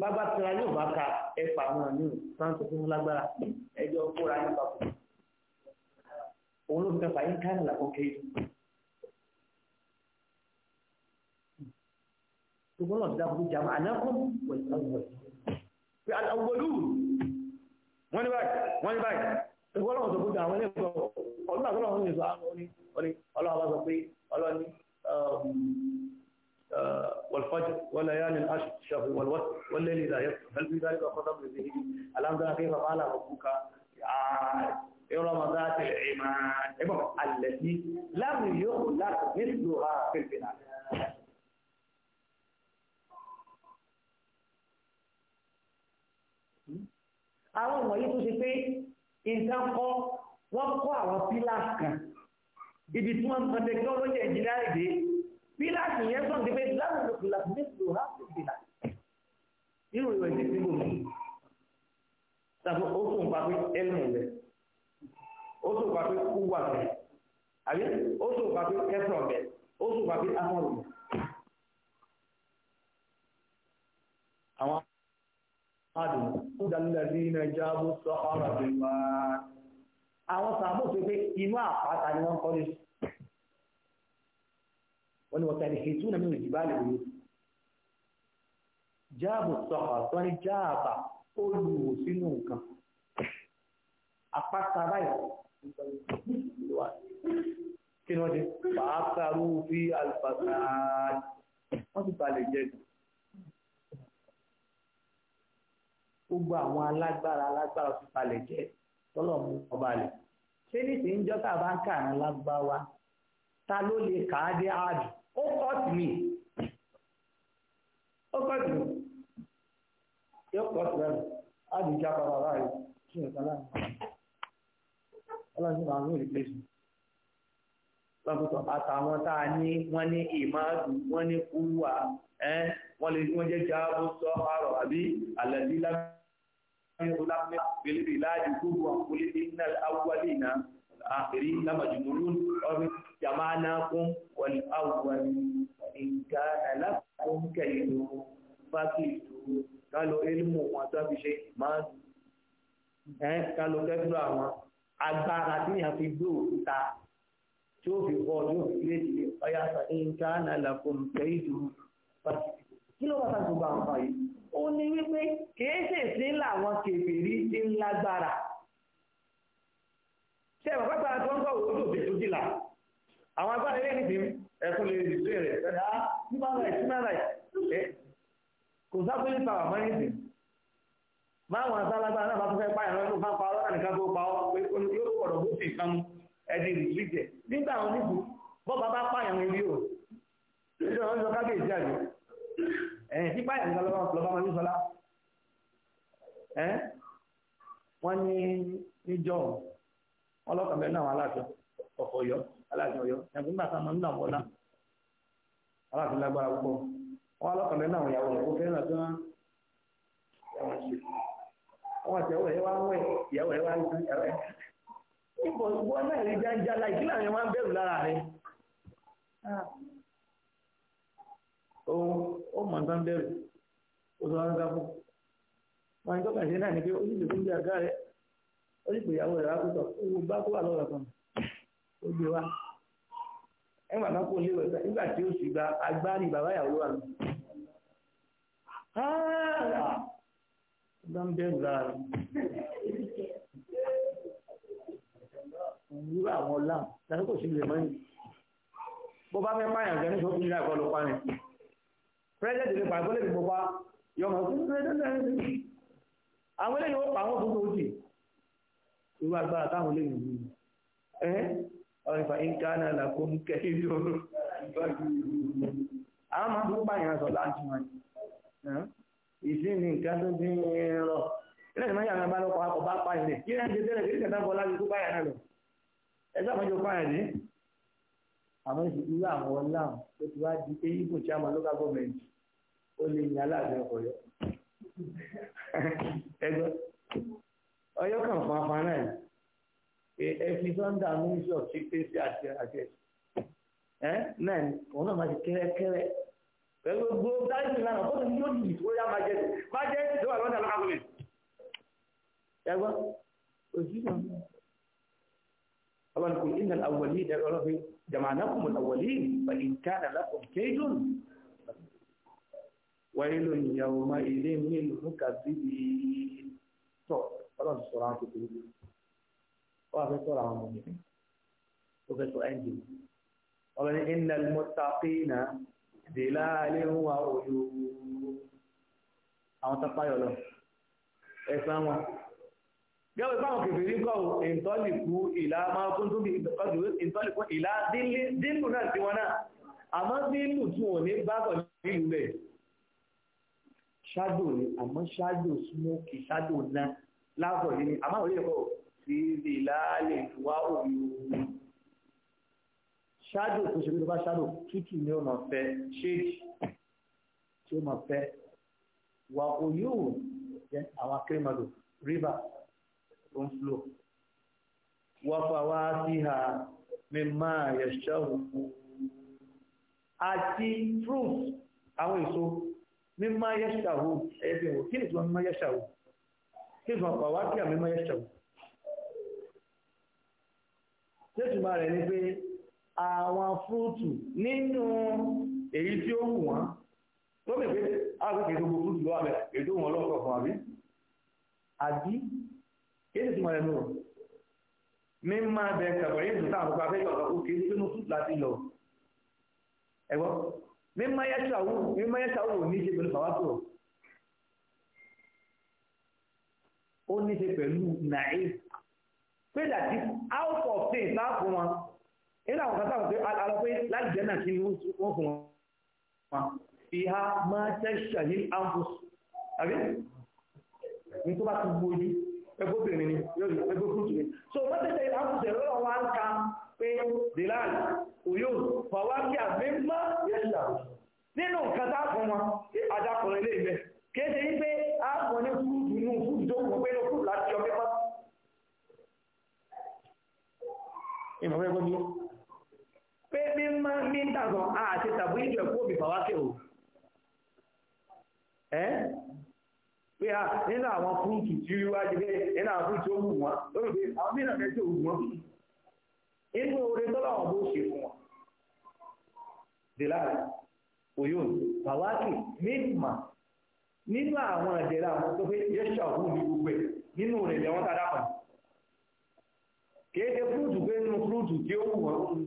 bàbá tira yóò bá ka ẹ̀fà wọn ní sáńtò fún lágbára ẹjọ́ kóra nípa kù òun ló fi kẹfà yín káyà làkọ́ kéyì. ṣùgbọ́n náà dábò tó jàmọ́ àná kọ́ wọ̀nyí wọ̀nyí. pé àwọ̀lú wọ́n ní báyìí wọ́n ní báyìí ṣùgbọ́n náà sọ fún àwọn ẹni kọ́ ọdún àgbọ̀n náà wọ́n ní sọ àwọn ọ̀ní ọlọ́wọ́ bá sọ pé ọlọ́ni والفجر وليالي العشر والوسط والليل إذا يسر هل في ذلك خطب لذهبي الآن ذا كيف فعل ربك إرم ذات العماد التي لم يخلق مثلها في البلاد àwọn wọ̀nyí tó ṣe pé nǹkan kọ́ wọ́n kọ́ àwọn pílà kan ibi tí wọ́n ń pọ̀ tẹkinọ́lọ́jì ẹ̀jìnlá èdè pílàsì yẹn sọ̀rọ̀ pé láwùjọ pílàsì méjìlò ha kò pílàsì ini ìwé ti síbò mi sàbò ó sùn pa pé ẹnu rẹ ó sùn pa pé kú wà rẹ àbí ó sùn pa pé kẹsàn rẹ ó sùn pa pé amọ̀rọ̀ rẹ. àwọn àdùn tó dalẹ́lẹ́dí wọ́n ní wọ́tà ìhè tún nàmínú ìjìbá lè wúlò jáàbù sọ̀kọ̀ tó ní jáàbà ó lu wò sínú nǹkan apáta báyìí kí ni wọ́n ti pàápàá fi alifasa wọ́n ti balẹ̀ jẹ́ jù gbogbo àwọn alágbára alágbára ti balẹ̀ jẹ́ tọ́lọ̀ mú ọba lẹ̀ ṣé nísìnyí jọ́ta bá ń kà ní lágbára ta ló lè kà á dé ààdùn ó kọ́ọ̀tì mi ó kọ́ọ̀tì mi yóò kọ́ọ̀tì lẹ́nu á di ìjà bàbá báyìí kí nìkan láàrin ọlọ́run máa ń rí ìpèsè lọ́pọ̀tọ̀ àtàwọn tá a ní wọ́n ní ìmáàdù wọ́n ní kúwà ẹ́ wọ́n lè wọ́n jẹ́ jáàbù sọ àrọ̀ àbí àlẹ́dí lábẹ́ àkìrí lábàjúmúrú ọ̀rẹ́ jàmáàná kún wọlé àwọn ìgbà alákùn kẹ̀yìnlò fákìlú kálọ̀ elmù wọn tó fi ṣe máa ẹ́ kálọ̀ kẹ́kọ̀ọ́ àwọn agbára tí a fi gbé òkúta tí ó fi kọ́ yóò fi lé ìdílé ọyá ìgbà alákùn kẹ̀yìnlò fákìlú kí ló bàtà gbogbo àwọn ọ̀yẹ́ ó ní wípé kìí ṣèṣin làwọn kèfèrí ti ń lágbára ṣe ẹ̀mọ̀ pápá tó ń gbọ́wọ́ ojú òbí tó dìlà àwọn agbára ilé nìfín ẹ̀kún lè rí ìlú rẹ̀ ṣẹ̀dá human rights human rights ṣe kò sáfìlì pàwọ̀ mọ́ nìfín báwọn asálágbára náà bá tún fẹ́ pa ìran bá pa ọ́ nìkan tó pa ọ́ pé yóò pọ̀rọ̀ bó sì kan ẹ̀dì rìsíjẹ̀ nígbà wọn níbu bọ́ba bá pààyàn ibi o nígbà wọn sọ kábíyèsí àjò ẹ̀yìn tí pààyàn nìkan lọ́ba máa ń sọlá ní wọn lọ́kàn bẹ́ẹ̀ náà aláṣẹ ọ̀fọ̀ ọ̀yọ́ aláṣẹ ọ̀yọ́ ẹ̀kú nígbà tá a máa náà wọlá lágbára púpọ̀ wọn lọ́kàn bẹ́ẹ̀ náà ìyàwó rẹ̀ kó fẹ́ràn tí wọ́n ẹ̀wọ̀n ṣe wọn àti ẹ̀wọ̀ ẹ̀ wá ń ìyàwó ẹ̀ wá ń sún ẹ̀rọ ibò wọn náà rí jáńjá láì kí làwọn máa ń bẹ̀rù lára rẹ̀ ah. ó mọ̀ nǹkan bẹ̀rù ó sọ wọn ń gbà fún wọn ní tó kàn náà ni pé ó ó sì pé ìyàwó rẹ̀ wá pé tọ̀ owó bá kó wà lọ́rọ̀ kan ó gbé wá ẹ màmá kó lé wẹ̀ nígbà tí ó sì gba agbárí bàbá ìyàwó wà lọ. bá ń bẹ̀rù lára rẹ̀ irú àwọn ọlá láti kò sí ilẹ̀ mọ́yìn bó bá fẹ́ pààyàn gẹ́gẹ́ tó fún ilé àkọ́ ló pààyàn pírẹ́sẹ̀tì lè pààyàn kó lè fi bọ́ bá yọmọ àwọn eléyìí ó pa àwọn tó jì irú agbára táwọn lè yìn yìí ẹ́ ọ̀rìnfà ìkánà làkún kẹ́lú àwọn máa tó pààyàn sọ láti wọn ìsìn ní nǹkan tó dín rọ ilé ìmọ̀ yàrá bá lọ́kọ̀ akọ̀ bá pààyàn rẹ̀ kí ẹ̀ ń ṣe tẹ́lẹ̀ kí ẹ̀ tẹ́lẹ̀ bọ́lá ju di eyín kò chairman government ó lè ní aláàbẹ̀ ọkọ̀ yọ ẹgbẹ́ ọyọ́ kan fanfan náà ni ẹ fi sọ́ńdà mínísọ̀ sí pèsè àti àjẹ ẹ náà ni òun náà máa ti kẹ́rẹ́kẹ́rẹ́ pẹ̀lú gbogbo táìsì náà kó tó ní yóò yìí tó yá máa jẹ́ máa jẹ́ tó wà lọ́dà lọ́kà gómìnà ẹgbọ́n òjì náà ọba nìkú ìnà àwọ̀lì ìdẹ̀rẹ̀ ọlọ́fẹ́ jàmánàkùn àwọ̀lì pẹ̀lú ìkádà lápò kéjùn wáyé lónìí àwọn ọmọ ilé ọlọ́run ti sọ̀rọ̀ àwọn kékeré bí ó wà fẹ́ sọ̀rọ̀ àwọn ọmọ mi ó fẹ́ sọ ẹ́ńjì ọmọ ní iná mọ́tàkínà dèlà aléhùn wa òyò àwọn tápáyọ̀ lọ ẹ̀sán wọn. Gẹ́gẹ́ báwọn kèfèrí kọ́ ìntọ́lìkú ìlà máa kún tó bí ìntọ́lìkú ìlà dínlù náà tí wọ́n náà. Àmọ́ dínlù tí wọ́n ní bákọ̀ nílùú rẹ̀. Ṣádò ni, àmọ́ ṣádò súnmọ́ kì ṣádò náà láàbọ̀ yìí ni àmọ́ òye kọ̀ sí ilé láàlẹ̀ ìwá òye òun ṣáàdù tó ṣe bí tó bá ṣáàdù tútù ni ó máa fẹ́ ṣéèjì tí ó máa fẹ́ wà òye òun jẹ́ àwọn akérèmọdò river tó ń flow wà fàwa sí ha mímá ẹ̀ṣọ́ òkú àti fruit àwọn èso mímá ẹ̀ṣọ́ òkú ẹ̀bẹ̀ òkú kí ni tí wọ́n mímá ẹ̀ṣọ́ òkú hizma pàwákì àmìmọ́ ẹ̀ṣọ́ tẹ́tùmá rẹ̀ ni pé àwọn fúrúùtù nínú èyí tí ó wù wọ́n tó mẹ́ pé àgbẹ̀kẹ̀ gbogbo fúrúùtù lọ́wọ́ àbẹ̀ ètò wọn lọ́kọ̀ fún àbí àbí kéde tí mo rẹ̀ lò mi máa bẹ kàbọ̀rẹ́ ìlú táwọn àkókò afẹ́jọ́ ọ̀gá òkè nínú fúrúùtù láti lọ ẹ̀gbọ́n mi máa yẹ́ sàwù mi máa yẹ́ sàwù ní ṣe pẹ̀lú pàwákì ó ní ṣe pẹ̀lú nàí pé dàtí out of things láàfún wọn nínú àwọn kan sáwọn pé alápé láti jẹ́ náà kí ni wọ́n fún wọn fi ha máa tẹ́ ṣàyí ambus àbí ní tó bá ti gbójú ẹgbẹ́ obìnrin ni ẹgbẹ́ kúrútù ni so wọ́n tẹ́tẹ́ ambus ẹ̀rọ wọn á ń ka pé delal oyo fàwákì àgbẹ̀mọ́ yẹ́ṣà nínú nǹkan tá a fún wọn àdàkùnrin lè bẹ̀ kéde yí pé a ní kúrú ìmọ̀fẹ́ gbọ́ mi pé àti tàbí ìjọ ẹ̀kú òbí bàbá kẹ́ o ẹ́ pé a nínú àwọn fúrúùtù tí wá jẹ́ nínú àwọn fúrúùtù ó wù wọ́n lórí pé àwọn mìíràn fẹ́ tí inú oore tọ́lá àwọn bó ṣe fún wọn dèlára òyòn kẹ́ mímà nínú àwọn àjẹrà àwọn tó fẹ́ nínú fúrúùtù tí ó wù wọ́n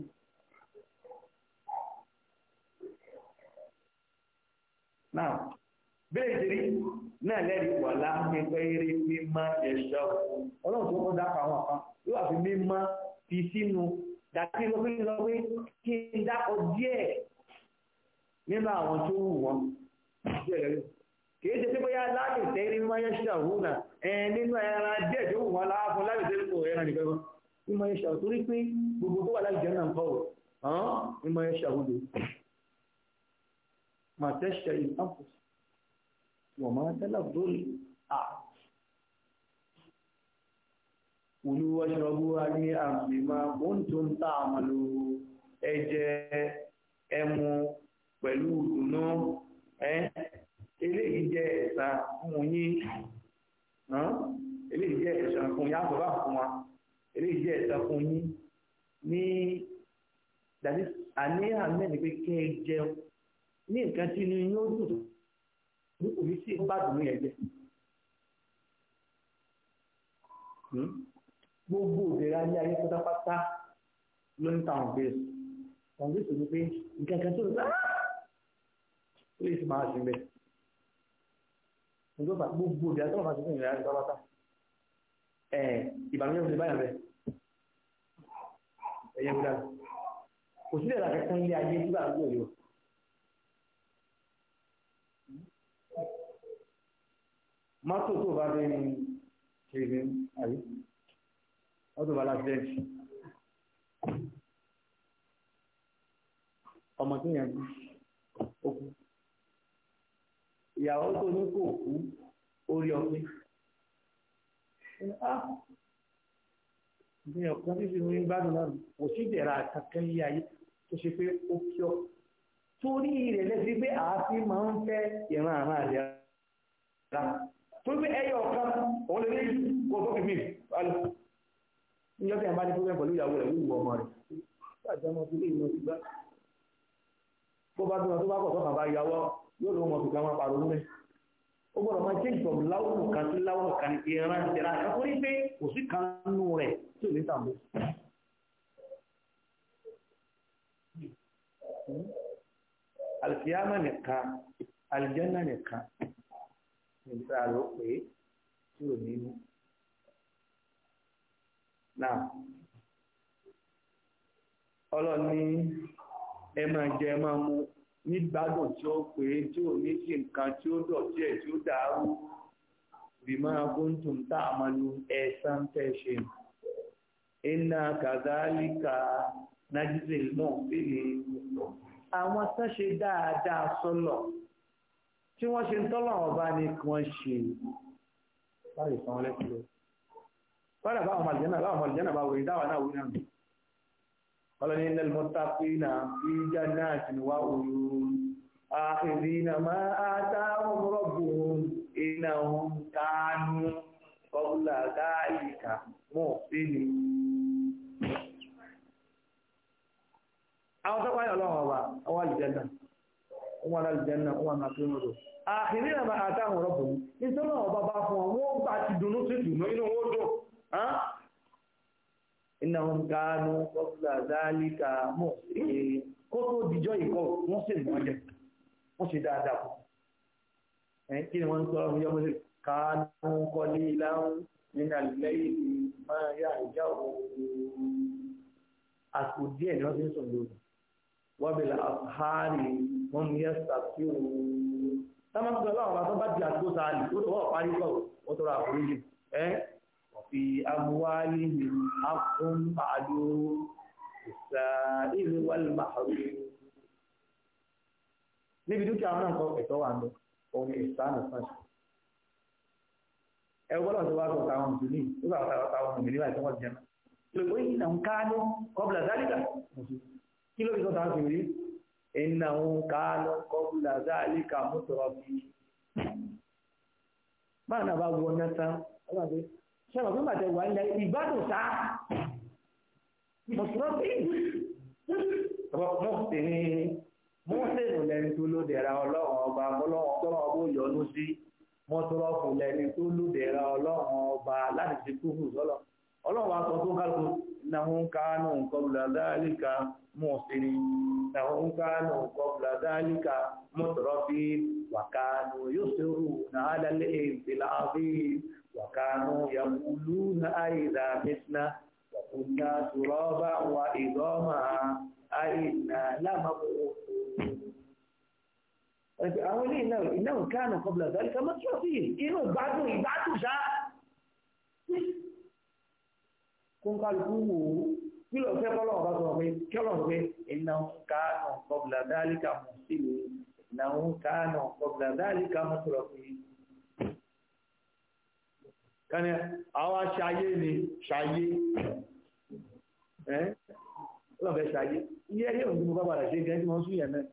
náà bẹ́ẹ̀ ìdírí náà lẹ́rìí wà láàrin pẹ́ẹ́rẹ́ mímọ́ ẹ̀ṣọ́ ọlọ́run tó kọ́ dápọ̀ àwọn kan yóò wà fi mímọ́ fi sínú dàbí lọ́pẹ́ lọ́pẹ́ kí n dápọ̀ díẹ̀ nínú àwọn tó wù wọ́n kìí ṣe tí bóyá láàrin tẹ́rí mímọ́ ẹ̀ṣọ́ nínú ẹran díẹ̀ tó wù wọ́n láàfún láàrin tẹ́rí ìmọ̀ ẹ̀ṣà torí pé gbogbo tó wà láìjẹ́ náà ń kọ́ ọ̀ ìmọ̀ ẹ̀ṣà odò mà tẹ́ṣẹ̀ ìpapò wọ̀n máa tẹ́lá lórí à olúwa ṣọ́gbó wa ní àmì máa ń tó ń tà àmàlò ẹjẹ ẹmu pẹ̀lú ìdùnnú eléyìí jẹ́ ẹ̀sà fún yín eléyìí jẹ́ ẹ̀sà fún yín á sọ wa eléyìí jẹ́ ẹ̀sán fún yín ní dàbí àníyàn mẹ́rin pé kẹ́ ẹ jẹun ní nǹkan tí inú yín ó dùn tó ní kò ní sí ìbádùn yẹn jẹ. Hmm? gbogbo òbẹ̀rẹ̀ ayé ayé pátápátá ló ń ta àwọn bẹ́ẹ̀sì àwọn bẹ́ẹ̀sì ni pé nǹkan kan tó ń bá ó lè fi máa ṣe bẹ́ẹ̀. gbogbo òbẹ̀rẹ̀ ayé tó ń bá ṣe fún ìrìn àjò pátápátá ìbànújẹ́ òṣèlú báyà bẹ́ẹ̀ ẹ̀yẹ wúlá kò sí ìdàgbà kankan ilé ayé tí bàbá yóò yọ. mọ́tò tó bá dé ní ṣèlú àyè mọ́tò bá lásìlẹ́ǹtì ọmọ tó yàn kú ó kú ìyàwó tó ní kò kú ó rí ọpẹ́ bí ọ̀kan tí sì ní gbádùn náà kò sí ìdẹ̀ra kankan yí ayé tó ṣe pé ó kí ọ torí rẹ̀ lẹ́sí pé àáfin máa ń fẹ́ ìran àrùn àdìyà rà torí pé ẹyọ ọ̀kan òun lè ní kó tó fi mí balẹ̀ níjọ́ tí a bá ní pé pẹ̀lú ìyàwó rẹ̀ wíwú ọmọ rẹ̀ bó bá dúnà tó bá pọ̀ tó kàn ìyàwó yóò lọ́wọ́ ọmọ kìkan máa pariwo mẹ́ ó gbọ́dọ̀ máa jẹ́ ìjọba láwùrù kan sí láwùrù kan ìran ìran ìran torí pé kò sí kan nínú rẹ̀ tí ò ní tàbí. alkiyama nìkan aljanna nìkan nígbà ló pé tí ò ní mú. náà ọlọ́ni ẹ máa jẹ ẹ máa mú nígbádùn tí ó pé tí ò ní sí nǹkan tí ó dọ̀tí ẹ̀ tí ó dàrú bímọ agbóńtùm tá a máa lu ẹ̀sán tẹ̀sí iná kàdálíkà nájísè náà sí ni àwọn tán ṣe dáadáa sọ́lọ̀ tí wọ́n ṣe ń tọ́lọ̀ ọba ni kí wọ́n ṣe báyìí sanwó lẹ́sìn lọ. fọ́dà báwọn màlìjánà báwọn màlìjánà bá wòye dáwà náà wòye náà ọlọ́ni ilẹ̀ mọ́tàkínà fi jáná àtìníwá òòrùn àfìdínà máa àtàwọn rọ́bùn iná ohun káánú ọ̀gbùlà gáàlìkà mọ́ sí ni àwọn tó wáyé ọlọ́run ọba àwọn àlùjẹ́nà wọn àlùjẹ́nà wọn àtúnrò àfìdínà máa àtàwọn rọ́bùn nítorí ọba bá fún ọ wọ́n gbà ti dùnú sí dùnú inú wọn dùn iná ń gánú kọ́kúlà dálíkà mọ̀ kó tó dijọ́ ìkọ́ wọ́n sì wọ́n jẹ wọ́n ṣe dáadáa kù kí ni wọ́n ń sọ ọ́ yọmọ sí kánú kọ́lé láwọn nínú àlùlẹ́yìn máa yá ìjà òun àsìkò díẹ̀ ni wọ́n fi fi amwalihim haqqun ma'lum lis-sa'il wal mahrum níbi dúkìá náà kọ ẹ̀tọ́ wà ń lọ òun ni ìsánà sáṣà ẹ gbọ́dọ̀ tó wá sọ táwọn mùsùlùmí tó bá wọ́n táwọn mùsùlùmí láti wọ́n jẹ́ náà lè pé ìnà ń káánú kọ́bùlà zálìkà kí ló fi sọ táwọn mùsùlùmí ìnà ń káánú kọ́bùlà zálìkà mùsùlùmí máa náà bá wọ náà sọ̀rọ̀ pé bàtẹ̀ wà ilẹ̀ ìgbádùn ta mọ̀sùlọ́sì mọ̀sùlọ́sì ni mọ́sẹ̀lù lẹni tó ló dẹ̀ra ọlọ́run ọba ọlọ́run tọ́rọ ọgbó yọnu sí mọ́sùlọ́sì lẹni tó ló dẹ̀ra ọlọ́run ọba láti fi kúrú sọ́lọ̀ ọlọ́run wa sọ tó kálukú náà kánú nǹkan bùlàdáríkà mọ̀sẹ̀lì náà ń kánú nǹkan bùlàdáríkà mọ̀sùlọ́sì wàkánú yóò ṣerú náà lálẹ́ èdè láàbí وكانوا يقولون أئذا متنا وكنا ترابا وعظاما أئنا لمبعوثون àwọn ilé ìnáwó ìnáwó kánù kọbla zalika matrafin inú gbádùn ìgbádùn ṣá kó ń kálukú wò ó kí lọ fẹ́ kọ́lọ̀ ọ̀bá sọ̀rọ̀ pé kọ́lọ̀ pé ìnáwó kánù kọbla zalika mọ̀ sílùú ìnáwó kánù kọbla zalika matrafin kẹni àwọn aṣayé ni ṣayé ẹ́ lọ́fẹ́ ṣayé iye ẹyẹ òun tí mo bá padà ṣe gẹ́gẹ́ tí wọ́n sún yẹn náà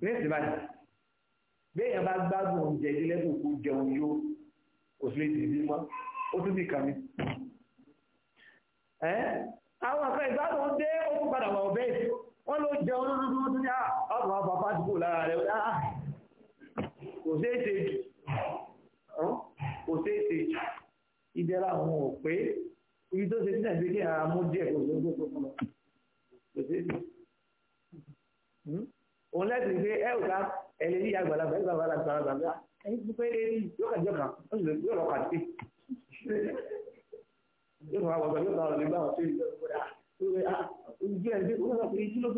ní ìsìn báyìí bí èèyàn bá gbádùn oúnjẹ ilé kòkó jẹun yóò kò sí lè dìbí mọ́ ó tún bí kàmí ẹ́ àwọn àfẹ́ ìgbádùn dé ó tún padà wà ọ̀bẹ́ wọ́n ló jẹun lódúdú tó ní ah, àwọn bàbá àdúgbò lára rẹ̀ ah, kò sí èsè jù kò sí èsì ìdẹ́ra àwọn ò pé ibi tó ṣe sílẹ̀ sí kí díẹ̀ kò sí gbogbo fún lọ kò sí èsì. òun lẹ́sìn pé ẹ ò ká ẹ̀lẹ́ yí àgbàlagbà ẹ̀ bàbá àgbàlagbà ẹ̀yìn tó pé yóò kà jọ̀kan ó sì yóò lọ pàdé yóò máa wọ̀gbọ̀n yóò máa wọ̀gbọ̀n nígbà wọn tó yìí lọ́wọ́ rẹ̀ ojú ẹ̀ ń dé kó lọ́wọ́ pé kí ló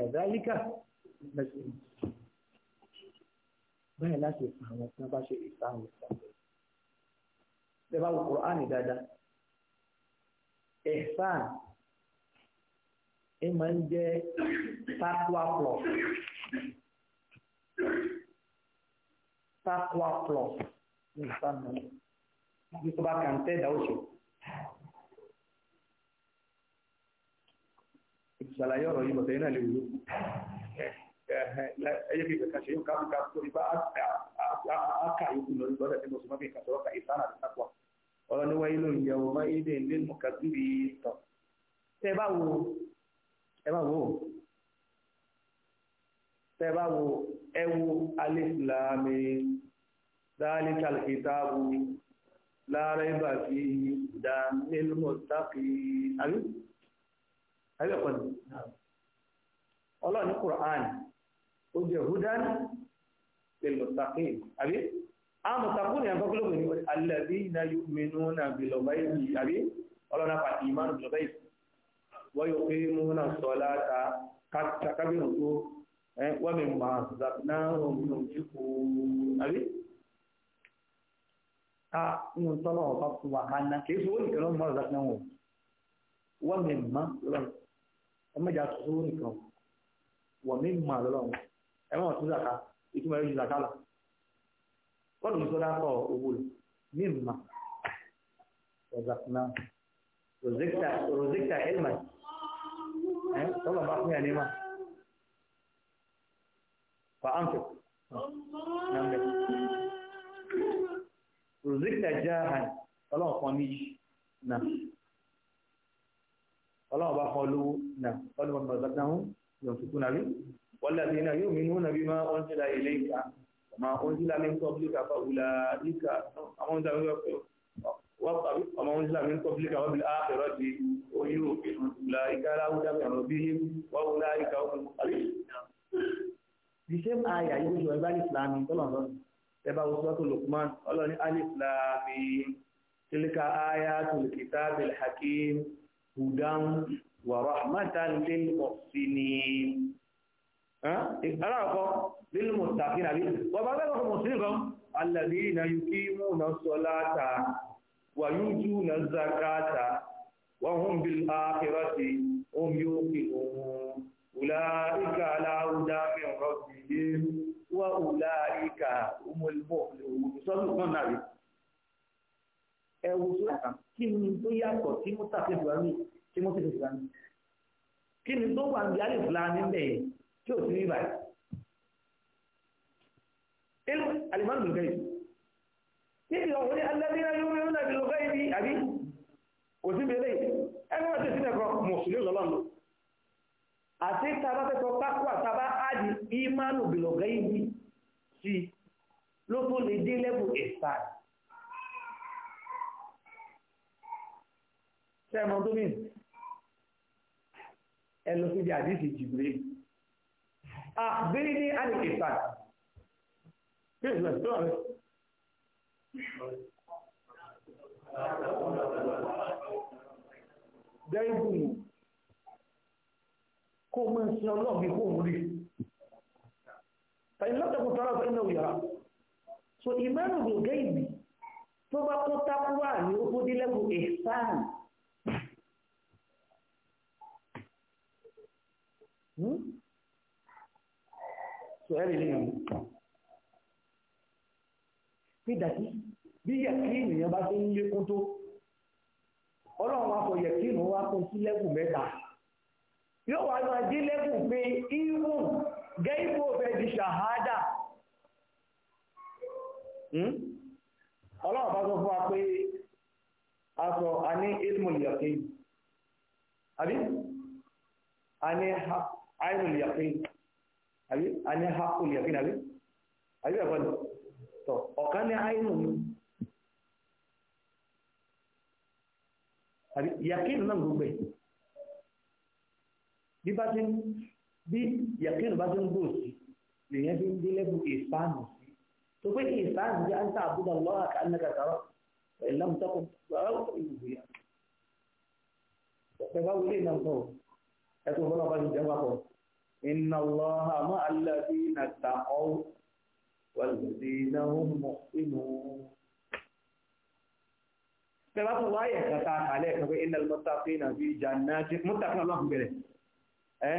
kàdálíkà mẹ́sìn báyìí láti pa àwọn tí wọ́n bá ṣe ìsáhùn ìsáhùn bẹ́ẹ̀ bá wo kùránì dáadáa ẹ̀sán ẹ máa ń jẹ́ takwa ìṣàlàyé ọ̀rọ̀ yìí bọ̀tẹ̀ náà lè wúlò ẹyẹ bí ìgbẹ̀ka ṣe yóò ká nǹkan tó ní bá áká yòókù lórí lọ́dẹ̀ tí mo sọ mọ́bí nǹkan sọ̀rọ̀ kà ìsáná àti sápọ̀ ọ̀rọ̀ ni wáyé lórí ìyàwó má ilé ilé mọ̀ ká síbi tọ̀ tẹ́ bá wo ẹ bá wo tẹ́ bá wo ẹ wo alif láàmì dáálíkà kìtàbù láàrẹ́ bàbí ìdá nílùmọ̀ tákì àbí àbí ẹ̀kọ́ ni ọlọ́run ní Qur'an ó jẹ́ hudan lil mustaqim àbí àwọn mustaqim yẹn kọ́kọ́ lóko ní alladhina yu'minuna bil ghaibi àbí ọlọ́run apá ìmánu bil ghaibi wa yuqimuna salata kábínú tó wọ́n mi máa zàbínà òun òjìkú àbí ká nínú tọ́lọ̀ ọ̀bá fún wa ká ná kìí sọ ó nìkan lọ́mọ zàbínà wọn wọ́n mi máa ẹ mẹ́jà sọ́wọ́ nìkan wọ̀ mí mọ̀ lọ́lọ́run ẹ mọ̀ zaka ìtumọ̀ ẹ̀rọ zaka lọ kọ́ọ̀lù ní sọ́dá kọ́ owó rẹ̀ na mọ̀ ọ̀zàkùnà rosetta elman ẹ̀ tọ́lọ̀ bá fún yà ní ma fa rosetta kan níyì náà. ọlọ́run bá fún olówó náà ọlọ́run bá gbàgbà hàn yóò fi kún àrí wọ́n láti iná yóò mí núnà bí máa ń sílá ilé ìka ọmọ ń sílá ní pọ́blíkà fáwùlà ìka àwọn ń sàmì wọ́n pàbí ọmọ ń sílá ní pọ́blíkà wọ́n bí àpẹ̀rọ di oyún òfin ìlà ìka láwùjá bẹ̀rọ bí wọ́n wùlá ìka ọkùn àrí. the same aya yìí ló ń bá ní islam tọ́lọ̀lọ́ ẹ bá wọ́n sọ́tò lukman ọlọ́ni alif lami tilka hudan wa rahmatan lil muhsinin aláàkọ́ lil muttaqin àbí wọ́n bá bẹ́ẹ̀ kọ́ mọ̀sí kan alladhina yuqimuna salata wa yutuna zakata wa hum bil akhirati hum yuqinun ulaika ala hudan min rabbihim wa ulaika humul muhlihun sọ́dún ẹ wo sórí àkàn kí ni tó yàtọ̀ tí mo tàfẹ́ fúlàní tí mo tẹ̀sẹ̀ fúlàní kí ni tó wà ní alẹ́ fúlàní bẹ́ẹ̀ tí ò sí ní báyìí. ilé alimami ló gẹ́yì kí ni ọ̀hún ní alábíyá yóò mú nàbí ló gẹ́yì bí àbí kò sí bẹ́ẹ̀ ẹni wọ́n ti sí ẹ̀kọ́ mùsùlùmí lọ́lọ́ lọ. àti tábà fẹ́ pákó àtàbà áàdì ìmánu bìlọ̀gẹ́yì sí ló lè dé lẹ́bù ẹ̀sáàdì. sẹ́mọ tó mì ẹ lọ síbi àdìsí jìbìrì àbírí ní àdìsíta bí ìgbà tó rẹ. Dẹ́rù bùnú kó mọ́ sí ọlọ́ọ̀bí kó ń rí. Tàyí lọ́tọ̀kùn tọ́lá fẹ́ náà yàrá. So ìmọ̀ràn ògẹ́ ìbí tó bá tó tápúwà ní ó tó dé lẹ́gùn so ẹ̀rì nìyẹn pé dàtí bi yẹ̀kí ènìyàn bá tó ń lékún tó ọlọ́run afọ yẹ̀kí wa kún sí lẹ́kùn mẹ́ta yóò wá máa dé lẹ́kùn pé ìwọ̀n bá sọ fún wa a sọ a ní a ní ainul yaqin àbí a ní hakul yaqin àbí àbí ẹ̀kọ́ ni tọ̀ ọ̀kan ní ainul mi àbí yaqin náà gbogbo ẹ̀ bí bá ti ń bí yaqin bá ti ń gbòòsì lèyẹn fi ń délẹ́bù ìsánù sí tó pé ìsánù jẹ́ àǹtà àbúdà lọ́wọ́ àkànnàkà sára ìlànà tó kọ́ ọ̀rọ̀ إن الله مع الذين اتقوا والذين هم محسنون kẹlẹ́tọ̀ láyé kẹta àkàlẹ́ ẹ̀kọ́ pé iná mọ́tàkì náà fi ìjà náà ti mọ́tàkì náà lọ́hùn bẹ̀rẹ̀ ẹ́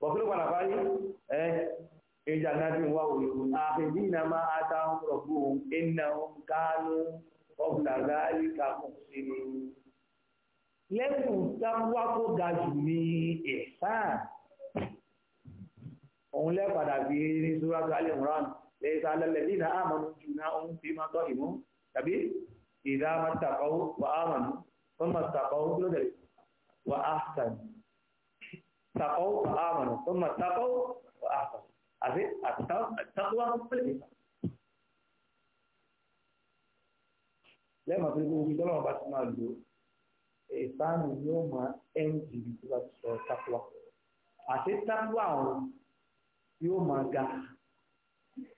bọ̀kúrú padà parí ẹ́ ìjà náà ti wá òye òun àfẹ́bí iná máa ata ń rọ̀gbọ́ òun iná ń kánú òun lẹ́pàdà bí ní súrátù alẹ́ mùrán lẹ́sà alẹ́lẹ́ ní ìdá àmọ́nú jù náà òun fi máa tọ́ ìmú tàbí ìdá mọ́tàkọ́ wà ámọ̀nú wọ́n mọ́tàkọ́ lóde wà áhsàn tàkọ́ wà ámọ̀nú wọ́n mọ́tàkọ́ wà áhsàn àti àtàkọ́ pẹ̀lẹ́ lẹ́mọ̀ pé gbogbo ìjọba ọba yóò máa ga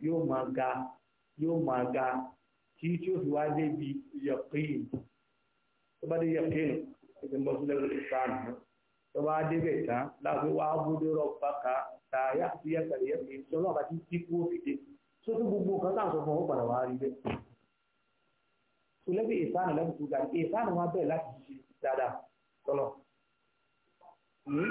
yóò máa ga yóò máa ga kí tí ó fi wá débi yẹ̀kín tó bá dé yẹ̀kín ẹgbẹ́ mọ́sílẹ̀ ìsàn tó bá débẹ̀ tán láti wá búdé rọ̀bà ká tààyà sí yẹ̀kẹ̀rẹ̀ yẹ̀kín tó náà bá ti ti kú òfìdé tó tún gbogbo nǹkan tá sọ fún ọ padà wá rí bẹ́ẹ̀. tó lẹ́bi ìsàn lẹ́bi ga ìsàn wọn bẹ̀rẹ̀ láti ṣe dáadáa tọ́lọ̀. Hmm?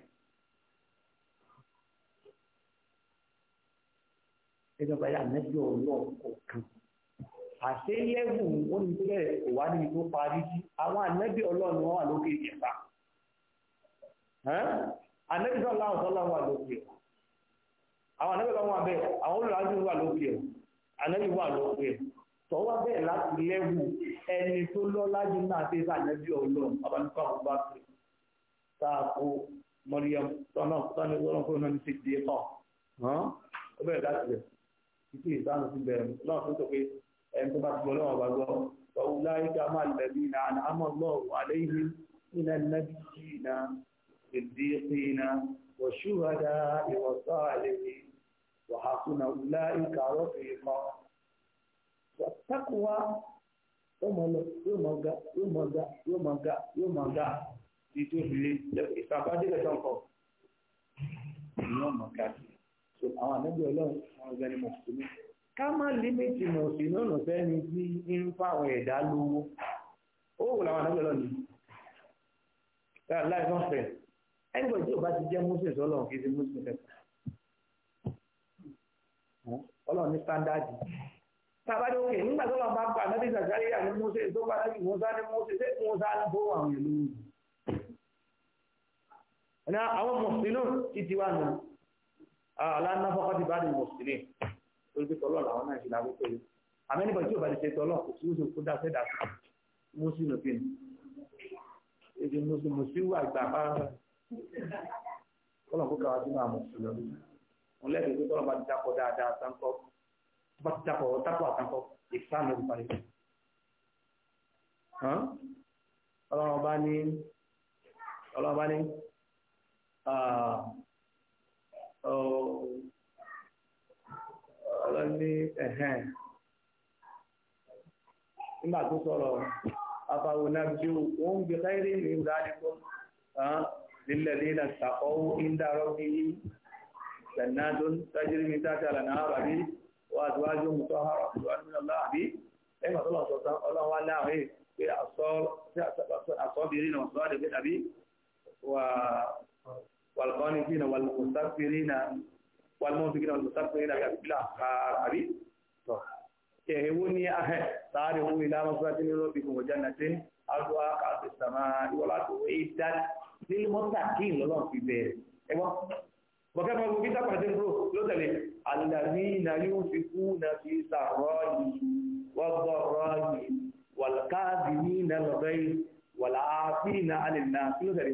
ẹgbẹ́ pẹ̀lú ànábì ọlọ́run kọ̀ọ̀kan àṣẹ lẹ́gùn ó ní tó bẹ̀rẹ̀ kò wá níbi tó parí sí àwọn ànábì ọlọ́run ni wọ́n wà lókè ìjẹ̀fà ànábì sọ́lá ọ̀sọ́lá wà lókè ọ̀ àwọn ànábì kan wà bẹ́ẹ̀ àwọn olùrájú wà lókè ọ̀ ànábì wà lókè ọ̀ tọ́wọ́ bẹ́ẹ̀ láti lẹ́gùn ẹni tó lọ́lá jù náà ṣe sá ànábì ọlọ́run abanikọ́ àwọn bá pè sáàkó mọ́ríyàm tọ́nà tọ́nà ìwọ́n fún ọ títí ìsánú ti bẹ̀rẹ̀ lọ́wọ́ tó sọ pé ẹni tó bá ti gbọ́ lọ́wọ́ bá gbọ́ ọ̀hún láyé ká máa lẹ̀ bí iná àná àmọ́ lọ́wọ́ àléyìn iná nẹ́bí iná èdè iná wọ̀ṣúwádà ìwọ̀sọ́ àlejò wàhásùnà láyé ká rọ́ọ̀fì mọ́. takuwa yóò mọ yóò mọ ga yóò mọ ga yóò mọ ga so àwọn ànábì ọlọ́run àwọn ọgbẹ́ ni mùsùlùmí ká má límìtì mùsùlùmí ọ̀nà sẹ́ni tí ń fa àwọn ẹ̀dá lówó ó wò làwọn ànábì ọlọ́run ni láì náà fẹ́ ẹnìkan tí ò bá ti jẹ́ muslim sọlọ́run kì í ṣe muslim fẹ́ ọlọ́run ní sáńdáàdì tàbádé òkè nígbà tó lọ́n bá gbà náà bí ní mose tó bá ní ìlú àwọn mùsùlùmí ti tiwa náà aláǹnáfọ́kọ́tì bá di mùsùlùmí torí pé tọ́lọ́ làwọn náà ṣe lágbókò yìí àmẹ́nìkan tí ò bá ti ṣe tọ́lọ́ kò sí oṣù kó dáṣẹ́ dà mùsùlùmí fi ni èdè mùsùlùmí wà gbà bá tọ́lọ́ kó káwá sínú àwọn mùsùlùmí wọn lẹ́bi pé tọ́lọ́ bá ti dápọ̀ dáadáa sáńkọ́ bá ti dápọ̀ dápọ̀ àtàkọ́ ìsánú ìparí. ọlọ́run bá ní ọlọ́run bá ní ọ̀rọ̀ ní ẹ̀hẹ́n nígbà tó sọ̀rọ̀ afáwọn onájú wọ́n ń gbé káyìrí ní ìdánikọ́ lílẹ̀ lílẹ̀ sàkọ́wọ́ ìdárọ̀ bí i jannatu tajiri min tati ala na ara bi wa azwaju mutahhara wa Allah bi e ma bi ri na so de bi wa والقانتين والمستغفرين والمنفقين والمستغفرين بالله عربي èwo ni ahẹ́ sáré ohun ilá mọ́síláti ní rọ́bì kò jẹ́ nàtí àdúrà àti sàmà ìwọlá tó ìdá nílé mọ́sàkì lọ́lọ́n fi bẹ̀rẹ̀ ẹgbọ́n bọ̀kẹ́ bọ́ gbogbo ìtàkùn àti ìbúrò ló tẹ̀lé alàmì na yóò fi kú na fi sàrọ́ yìí wọ́gbọ́ rọ́ yìí wàlkáàbì ní na lọ́bẹ́ yìí wàlàáfì na alẹ́ na kí ló tẹ̀lé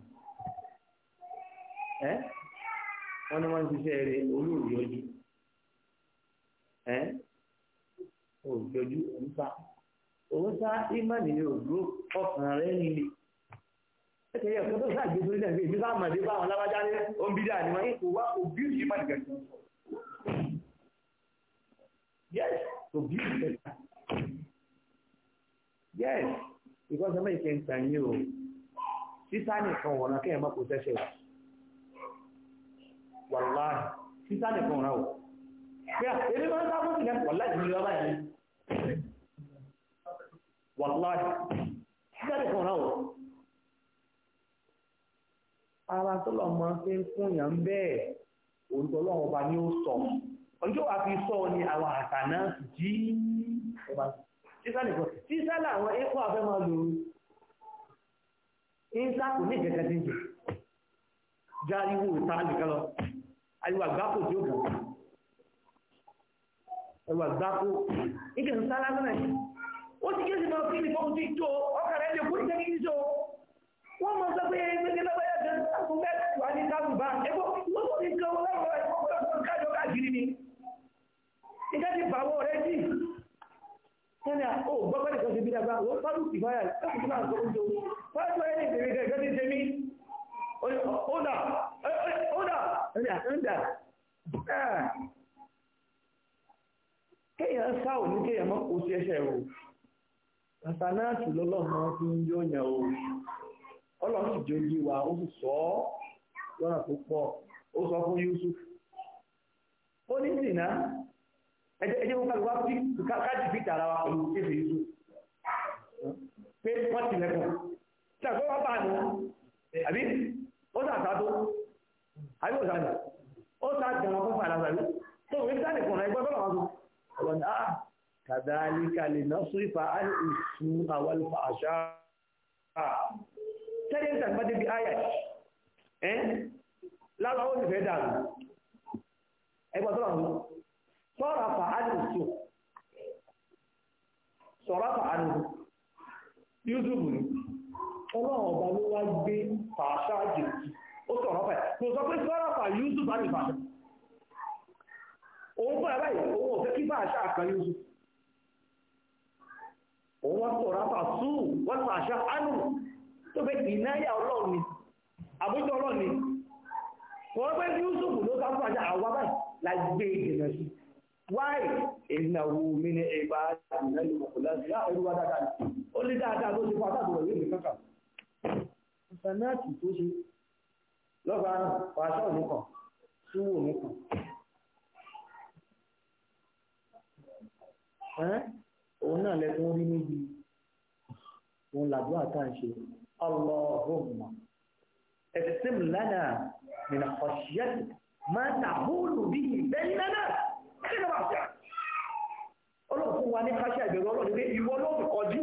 ẹ́ wọ́n ní wọ́n ń ṣiṣẹ́ rẹ̀ olóòjọ́jú ẹ́ òjọ́jú òǹta òǹta ìmọ̀nì ni òdúró ọkàn rẹ̀ nílé ẹ̀kẹ́ yẹ kó tó ṣàgbé sórí náà fi ìfísà mọ̀dé bá àwọn ní ni kò wá òbí yes òbí yes yìí o nìkan má wàláì títà nìkan ra o pé à èmi máa ń sá fún ìlẹ̀ wàláì ìlú ọba yẹn wàláì títà nìkan ra o ara tó lọ máa fi ń fún yàn bẹ́ẹ̀ orúkọ ọlọ́run ọba ni ó sọ ọjọ́ wa fi sọ ni àwọn àṣà náà jí ọba títà nìkan títà làwọn ẹ̀kọ́ afẹ́ máa lò ó ń sá kò ní ìjẹ́kẹ́ tí ń ìta nìkan lọ ariwo àgbákò tí ó gùn ariwo àgbákò nígbà tó sára náà yìí ó ti kí ó sì máa fi nìkan ti tó ọkà rẹ̀ lè kó ní kẹ́kẹ́ tó wọ́n máa sọ pé ẹgbẹ́ lọ́gbẹ́yà jẹ́ sáfún bẹ́ẹ̀ wà ní sáfún bá ẹgbọ́ wọ́n tó ní kan lọ́wọ́ ẹ̀kọ́ kájọ káàkiri ni ìjẹ́ ti bàwọ́ ah, rẹ̀ jì tẹ́lẹ̀ ó gbọ́gbẹ́ nìkan ti bí dàgbà wọ́n fárú ìfáyà láti Oyi, kéèyàn sá ò kéèyàn mọ́ kó sí ẹ̀ṣẹ̀ o kàtànáàtì lọ́lọ́mọ tí ń o ọlọ́run ìjọ yí wa ó sì sọ ọ́ lọ́nà tó pọ̀ ó sọ fún Yusuf ó ní ìsìnà ẹjẹ́ mú kálukú wá sí káàdì wa pẹ̀lú Yusuf pé wọ́n tí àgbọ̀ bá tó àbí kò sáàdì ó sáàdì wọn fún fàlàfà yìí tó wí sáàdì kùnrin ẹgbẹ́ bọ́lá wọn tó ọ̀rọ̀ ní àà kàdáríkà lè ná sórí fa á ní ìsú àwọn ìfà àṣà tẹ́lẹ̀ ń tàbí débi ayà ẹ́ lára ó nífẹ̀ẹ́ dàrú ẹgbẹ́ bọ́lá wọn sọ́ra fa á ìsú sọ́ra fa á ní Yusuf ni ọlọ́run ọba ló wá gbé fàṣáàjì ó sọ̀rọ̀ pẹ̀ kò sọ pé sọ́rọ̀ fà Yusuf á nìfà òun fún ẹ̀rọ yìí òun ò fẹ́ kí bá àṣà kan Yusuf òun wá sọ̀rọ̀ fà sùn wọ́n fà àṣà ánù tó fẹ́ ìnáyà ọlọ́run ni àbújọ ọlọ́run ni kò wọ́n pé Yusuf ló sá fún àṣà àwa báyìí la gbé ìdènà sí wáyé ìnáwó mi ní ìgbà ìnáyà ọkùnrin láti ẹrú wa dáadáa ó ní dáadáa ló ti fún àtàkùn rẹ̀ yóò ní kankan. ìsànáàtì tó ṣe lọ́ba pàṣọ òun kan súwò òun kan òun náà lẹ́tọ́ rí níbi òun làdó àtàǹṣe ọlọ́ọ̀hùnmọ̀ ẹ̀sìn lánàá nínú ọ̀ṣẹ́ máa tàbóòlù bí ìbẹ́ni lánàá kí ni wàá fẹ́ ọlọ́run fún wa ní káṣẹ́ ìbẹ̀rù ọlọ́run pé ìwọ ló fi kọjú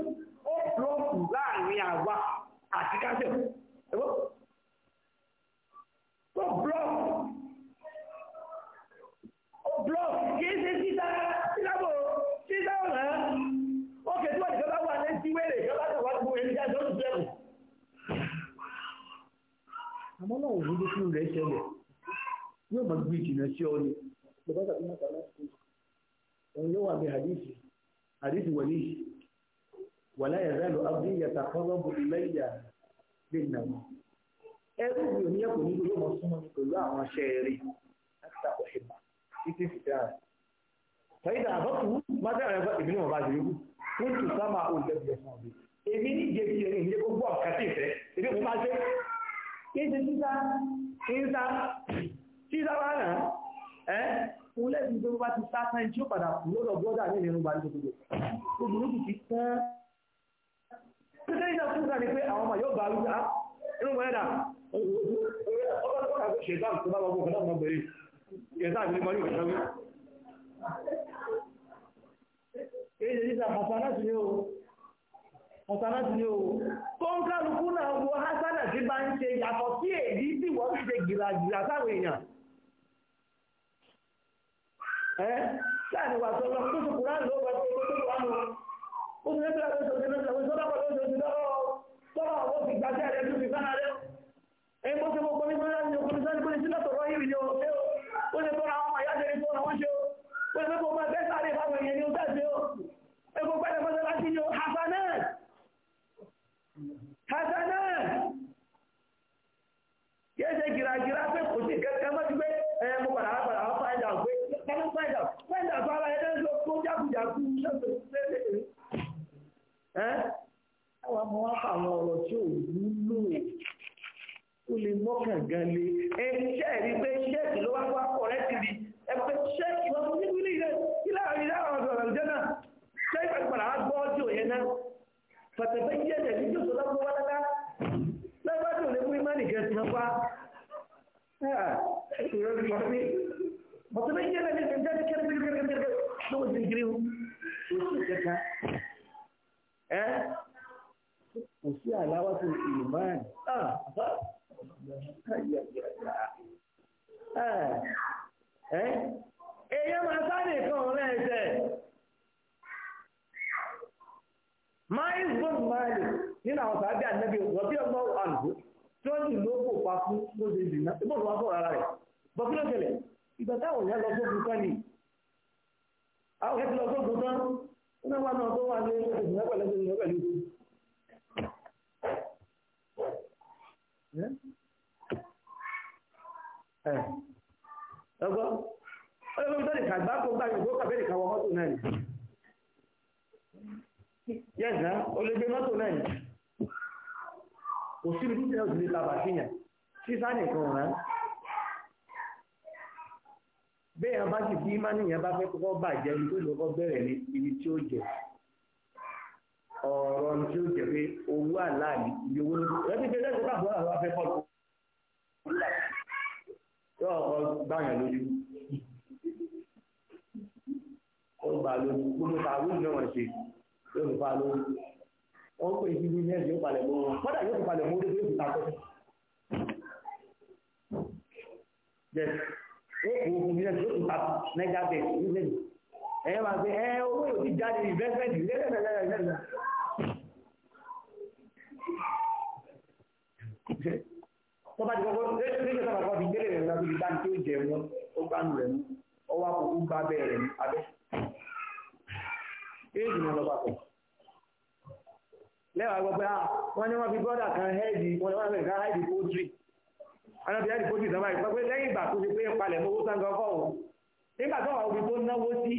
ó blọ́ọ̀kù láàrin àwa àti káṣẹ́ ẹ̀wọ́ àmọ́ náà ò ní kí rẹ̀ ṣẹlẹ̀ yóò máa gbé ìjìnà sí ọ ni bàbá tàbí mọ́ta láti ẹ̀yìn yóò wà ní àdìsí àdìsí wọ̀lé yìí wà láyé rẹ́lu abdul yàtà kọ́rọ́bù lẹ́yà lè nà mọ́ ẹrú mi ò ní ẹ̀kọ́ nílò yóò máa súnmọ́ mi pẹ̀lú àwọn aṣẹ rẹ̀ láti tàpọ̀ ṣe mà títí fi dáa fẹ́yìntà àbọ̀tù mọ́tẹ́ ìbínú ọba kéde títà títà títà wà náà ẹ́ fún lẹ́sìn tó bá ti sá sáyẹn tí ó padà kú lọ́dọ̀ bọ́dà ní ìrìn ìrìnbà nítorí gbogbo gbogbo ti tán títí ìjà fún ìjà ni pé àwọn ọmọ yóò bá rú ká inú wọn ẹ̀dà ọgbọ́n tó kà fún ṣètàn tó bá gbogbo ọ̀dọ́ ọmọbìnrin ṣètàn ní mọ́rí ìwé sọ́wọ́ kéde títà pàṣẹ aláṣẹ ni ó ọ̀sánà ti ní o tó ń kálukú náà wo hásánà tí bá ń ṣe yàtọ̀ sí èyí tí wọ́n ti ṣe gìlàgìlà sáwọn èèyàn ẹ́ láàrin wà tó lọ tó tó kùrán ló wà tó tó kùrán lọ ó ti lẹ́gbẹ̀rẹ́ tó ṣe lọ́sẹ̀ ó sọ́dọ̀ pẹ̀lú oṣooṣù lọ́wọ́ tọ́lọ̀ ó fi gbàṣẹ́ rẹ̀ tó fi fánà rẹ̀ ẹ̀ bó ṣe gbogbo nípa láti ṣe kùrán sáré kùrán sílẹ̀ tọ̀rọ̀ yìí ni ó ṣe ó ó lè tọ́ra àwọn àyájẹ́ ní tọ́ra wọ́n ṣe ó ó lè fẹ́ kó máa bẹ́ sáré fáwọn èèyàn ni ó tẹ̀sí ó ẹ̀ gbogbo ẹ̀ hasana yẹ́ ṣe gìràgìrà pé kò sí kẹ́kẹ́ mọ́ sí pé ẹ̀yẹ mo padà wá padà wá find out pé kẹ́kẹ́ find out find out ara ẹ̀dẹ́ ló tó jákujàku lọ́sọ̀rọ̀ ẹ́ àwọn ọmọ wa pa àwọn ọ̀rọ̀ tí ò wúlò ó lè mọ́kàn gan le ẹ ṣe rí pé ṣẹ́ẹ̀kì ló wá wá pọ̀ rẹ́ kiri ẹ pé ṣẹ́ẹ̀kì wọn fún mi nílé ilé àwọn ìdáhùn ọ̀dọ̀ ọ̀dọ̀ jẹ́ náà ṣẹ́ẹ̀kì padà wá gbọ́ ọdún òye náà fàtẹ̀fẹ́ yí ẹ̀jẹ̀ ní jòsó lọ́gbọ́n wá dáadáa lọ́gbọ́n tó lè mú imáni gẹ̀ẹ́sì wá bọ̀tọ̀fẹ́ yí ẹ̀jẹ̀ ní jẹ́jẹ́ kẹ́rẹ́kẹ́rẹ́kẹ́rẹ́ lọ́wọ́ sí kiri o oṣù kẹta ẹ́ kò sí àláwá tó ìmáni ẹ́ èèyàn máa sáré kan ọ̀rẹ́ ẹ̀jẹ̀ Ma'is bin Malik nínú àwọn sàábí ànábì rọ̀bí ọgbọ́ tí wọ́n sì pa fún lóde rárá ló Ìgbà táwọn lọ sókun tán ni. Àwọn na ti lọ sókun tán. Ó náà wá náà tó wà ní ìdìnnà pẹ̀lú ìdìnnà yẹ́sàn ó lè gbé mọ́tò náà ní kò síbi tí ìṣẹ́ òsìlè tàbà síyàn sísá nìkan rán bẹ́ẹ̀ bá sì bí mánìyàn bá fẹ́ kọ́kọ́ bàjẹ́ ibi tó lọ́kọ́ bẹ̀rẹ̀ ní ibi tí ó jẹ ọ̀rọ̀ ní tí ó jẹ pé owó àláàlì ibi owó lóko rẹ́bí pé lẹ́sẹ̀ bá bọ́lá lọ́wọ́ fẹ́ fọ́lọ́ yóò kọ́ gbáyàn lójú ó gbà lójú gbogbo tààrú ìjọba ṣe yóò fi fa lórí wọn pè sí bí nẹ́ẹ̀sì yóò palẹ̀ mọ́ wọn kọ́dà yóò fi palẹ̀ mọ́ orí yóò fi ta kọ́ yes ó kò fún mi nẹ́ẹ̀sì yóò fi ta nẹ́gà bẹ̀ ní máa fi ẹ̀ owó yóò ti jáde ìfẹ́fẹ́ẹ̀dì lẹ́lẹ́lẹ́lẹ́lẹ́ tó bá ti kọ́kọ́ lẹ́sẹ̀ tó bá fi gbélé rẹ̀ lọ́dún ìgbà tó jẹun ó nù rẹ̀ mú ọwọ́ àkókò gbà bẹ́ẹ̀ rẹ̀ abẹ́ éèdì náà lọ́pàá pọ̀ lẹ́wàá gbọ́ pé à ah, wọ́n ní wọ́n fi bọ́dà kan hẹ́ẹ̀dì wọ́n ní wọ́n fi kan hẹ́ẹ̀dì pótírì ọ̀nà fi hẹ́ẹ̀dì pótírì sábà yìí pé lẹ́yìn ìgbà tó fi pé palẹ̀ mọ́wó sáńgá ọkọ̀ òun nígbà tó wà obì tó náwó sí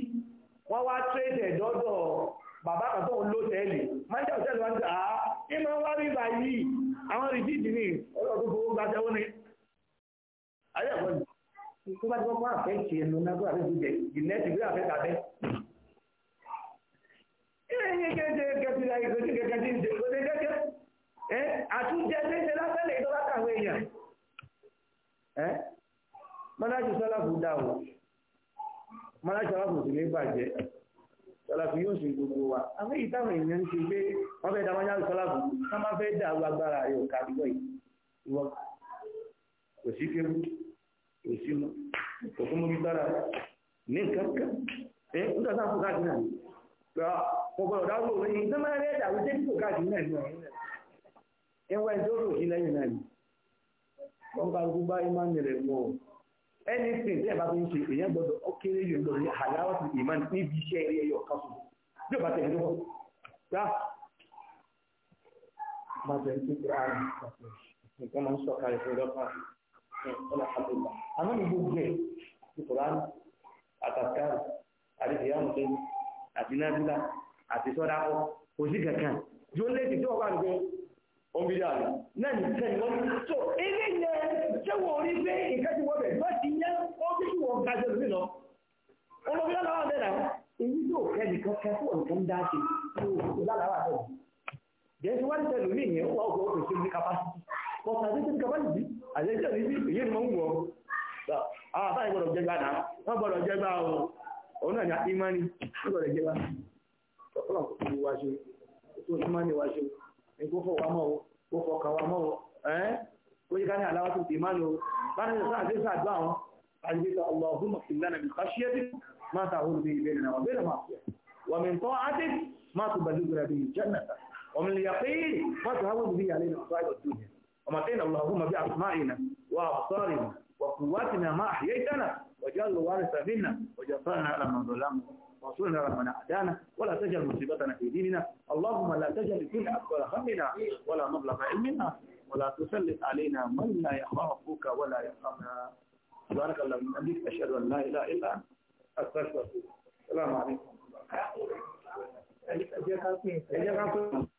wọ́n wá tírèdì ẹ̀dọ́dọ̀ bàbá kan tó ń lò tẹ́lẹ̀ máńjà òtẹ́lẹ̀ wọn ti à ní máa ah, wá rí ibà yìí àwọn rìsíìtì ni ọlọ́dún fowó gba sẹ́wọ́n ni ayé ẹ̀kọ́ ni tó bá ti wọ́n fún àfẹ́ ìṣe ẹnu náà tó àfẹ́ ìṣe jẹ ìnẹ́ẹ̀tì bí àfẹ́ tàbẹ́ mọ́nájú sọ́láfù dáwọ̀ mọ́nájú sọ́láfù sí lè bàjẹ́ sọ́láfù yóò ṣe gbogbo wa àwọn èyí táwọn èèyàn ń ṣe pé wọ́n fẹ́ dáwọn jáde sọ́láfù ká má fẹ́ dà wọ agbára rẹ̀ ọ̀ka àdúgbò yìí ìwọ kò sí kéwú kò sí mọ́ kò fún mọ́ bí ní nǹkan kan ẹ̀ ń tọ́sán fún káàkiri ọgbọ̀n ah, ọ̀dá wò ní iná máa rẹ̀ ẹ̀dà wíjẹ́ dípò káàkiri náà ní ọ̀rọ̀ náà ẹwà ẹjọ́ rò sí lẹ́yìn náà ni wọ́n bá gbogbo imán rẹ̀ mọ́ ẹni sìn tí ẹ bá fi ń ṣe èèyàn gbọdọ̀ ó kéré yìí lórí àláwọ̀ sí imán níbi iṣẹ́ eré ẹyọ kan sùn bí ó bá tẹ̀lé ah, lọ́wọ́ ah, gbá àti nàbílà àti sọ́dápọ̀ kò sí kankan yóò léèdì tí wọ́n bá ń gbé omídà rẹ̀ náà ní tẹ́lẹ̀ wọ́n tó ilé yẹn ṣé wọ́n rí pé nǹkan tí wọ́n bẹ̀ wọ́n ti yẹn ó bí kí wọ́n ga jẹ́ lómi lọ olómídà làwọn bẹ̀ náà èyí yóò kẹ́ nìkan kẹ́ fún nǹkan dá sí yóò wọ́n tẹ̀ lómi yẹn ó wà ó ní tẹ́lẹ̀ capacity àjẹjẹ́ wọ́n ń wọ̀ òun náà ni àti imani nígbà rẹ̀ jẹ́lá ọ̀pọ̀lọpọ̀ kò tóbi wá ṣe tó imani wá ṣe ní kó fọ̀ wá mọ́ o kó fọ̀ kà wá mọ́ o ẹ́ kó yíká ní aláwọ̀ tó ti imani o bá ní sọ́nà àti sọ́nà àdúrà wọn àti sọ́nà ọlọ́ọ̀hún mọ̀kìlánà bí kàṣíyẹ́tì máa ta àwọn olùgbé ìbẹ̀rẹ̀ náà wọ́n bẹ̀rẹ̀ máa fi ومن طاعتك ما تبلغنا به جنتك ومن اليقين ما تهون به علينا مصائب الدنيا ومتعنا اللهم بأسمائنا وأبصارنا وقواتنا ما أحييتنا وجعل الوارث منا وجعلنا على من ظلمنا وانصرنا على من عادانا ولا تجعل مصيبتنا في ديننا اللهم لا تجعل الدنيا اكبر همنا ولا مبلغ علمنا ولا تسلط علينا من لا يخافك ولا يرحمنا بارك الله فيك اشهد ان لا اله الا انت استغفرك السلام عليكم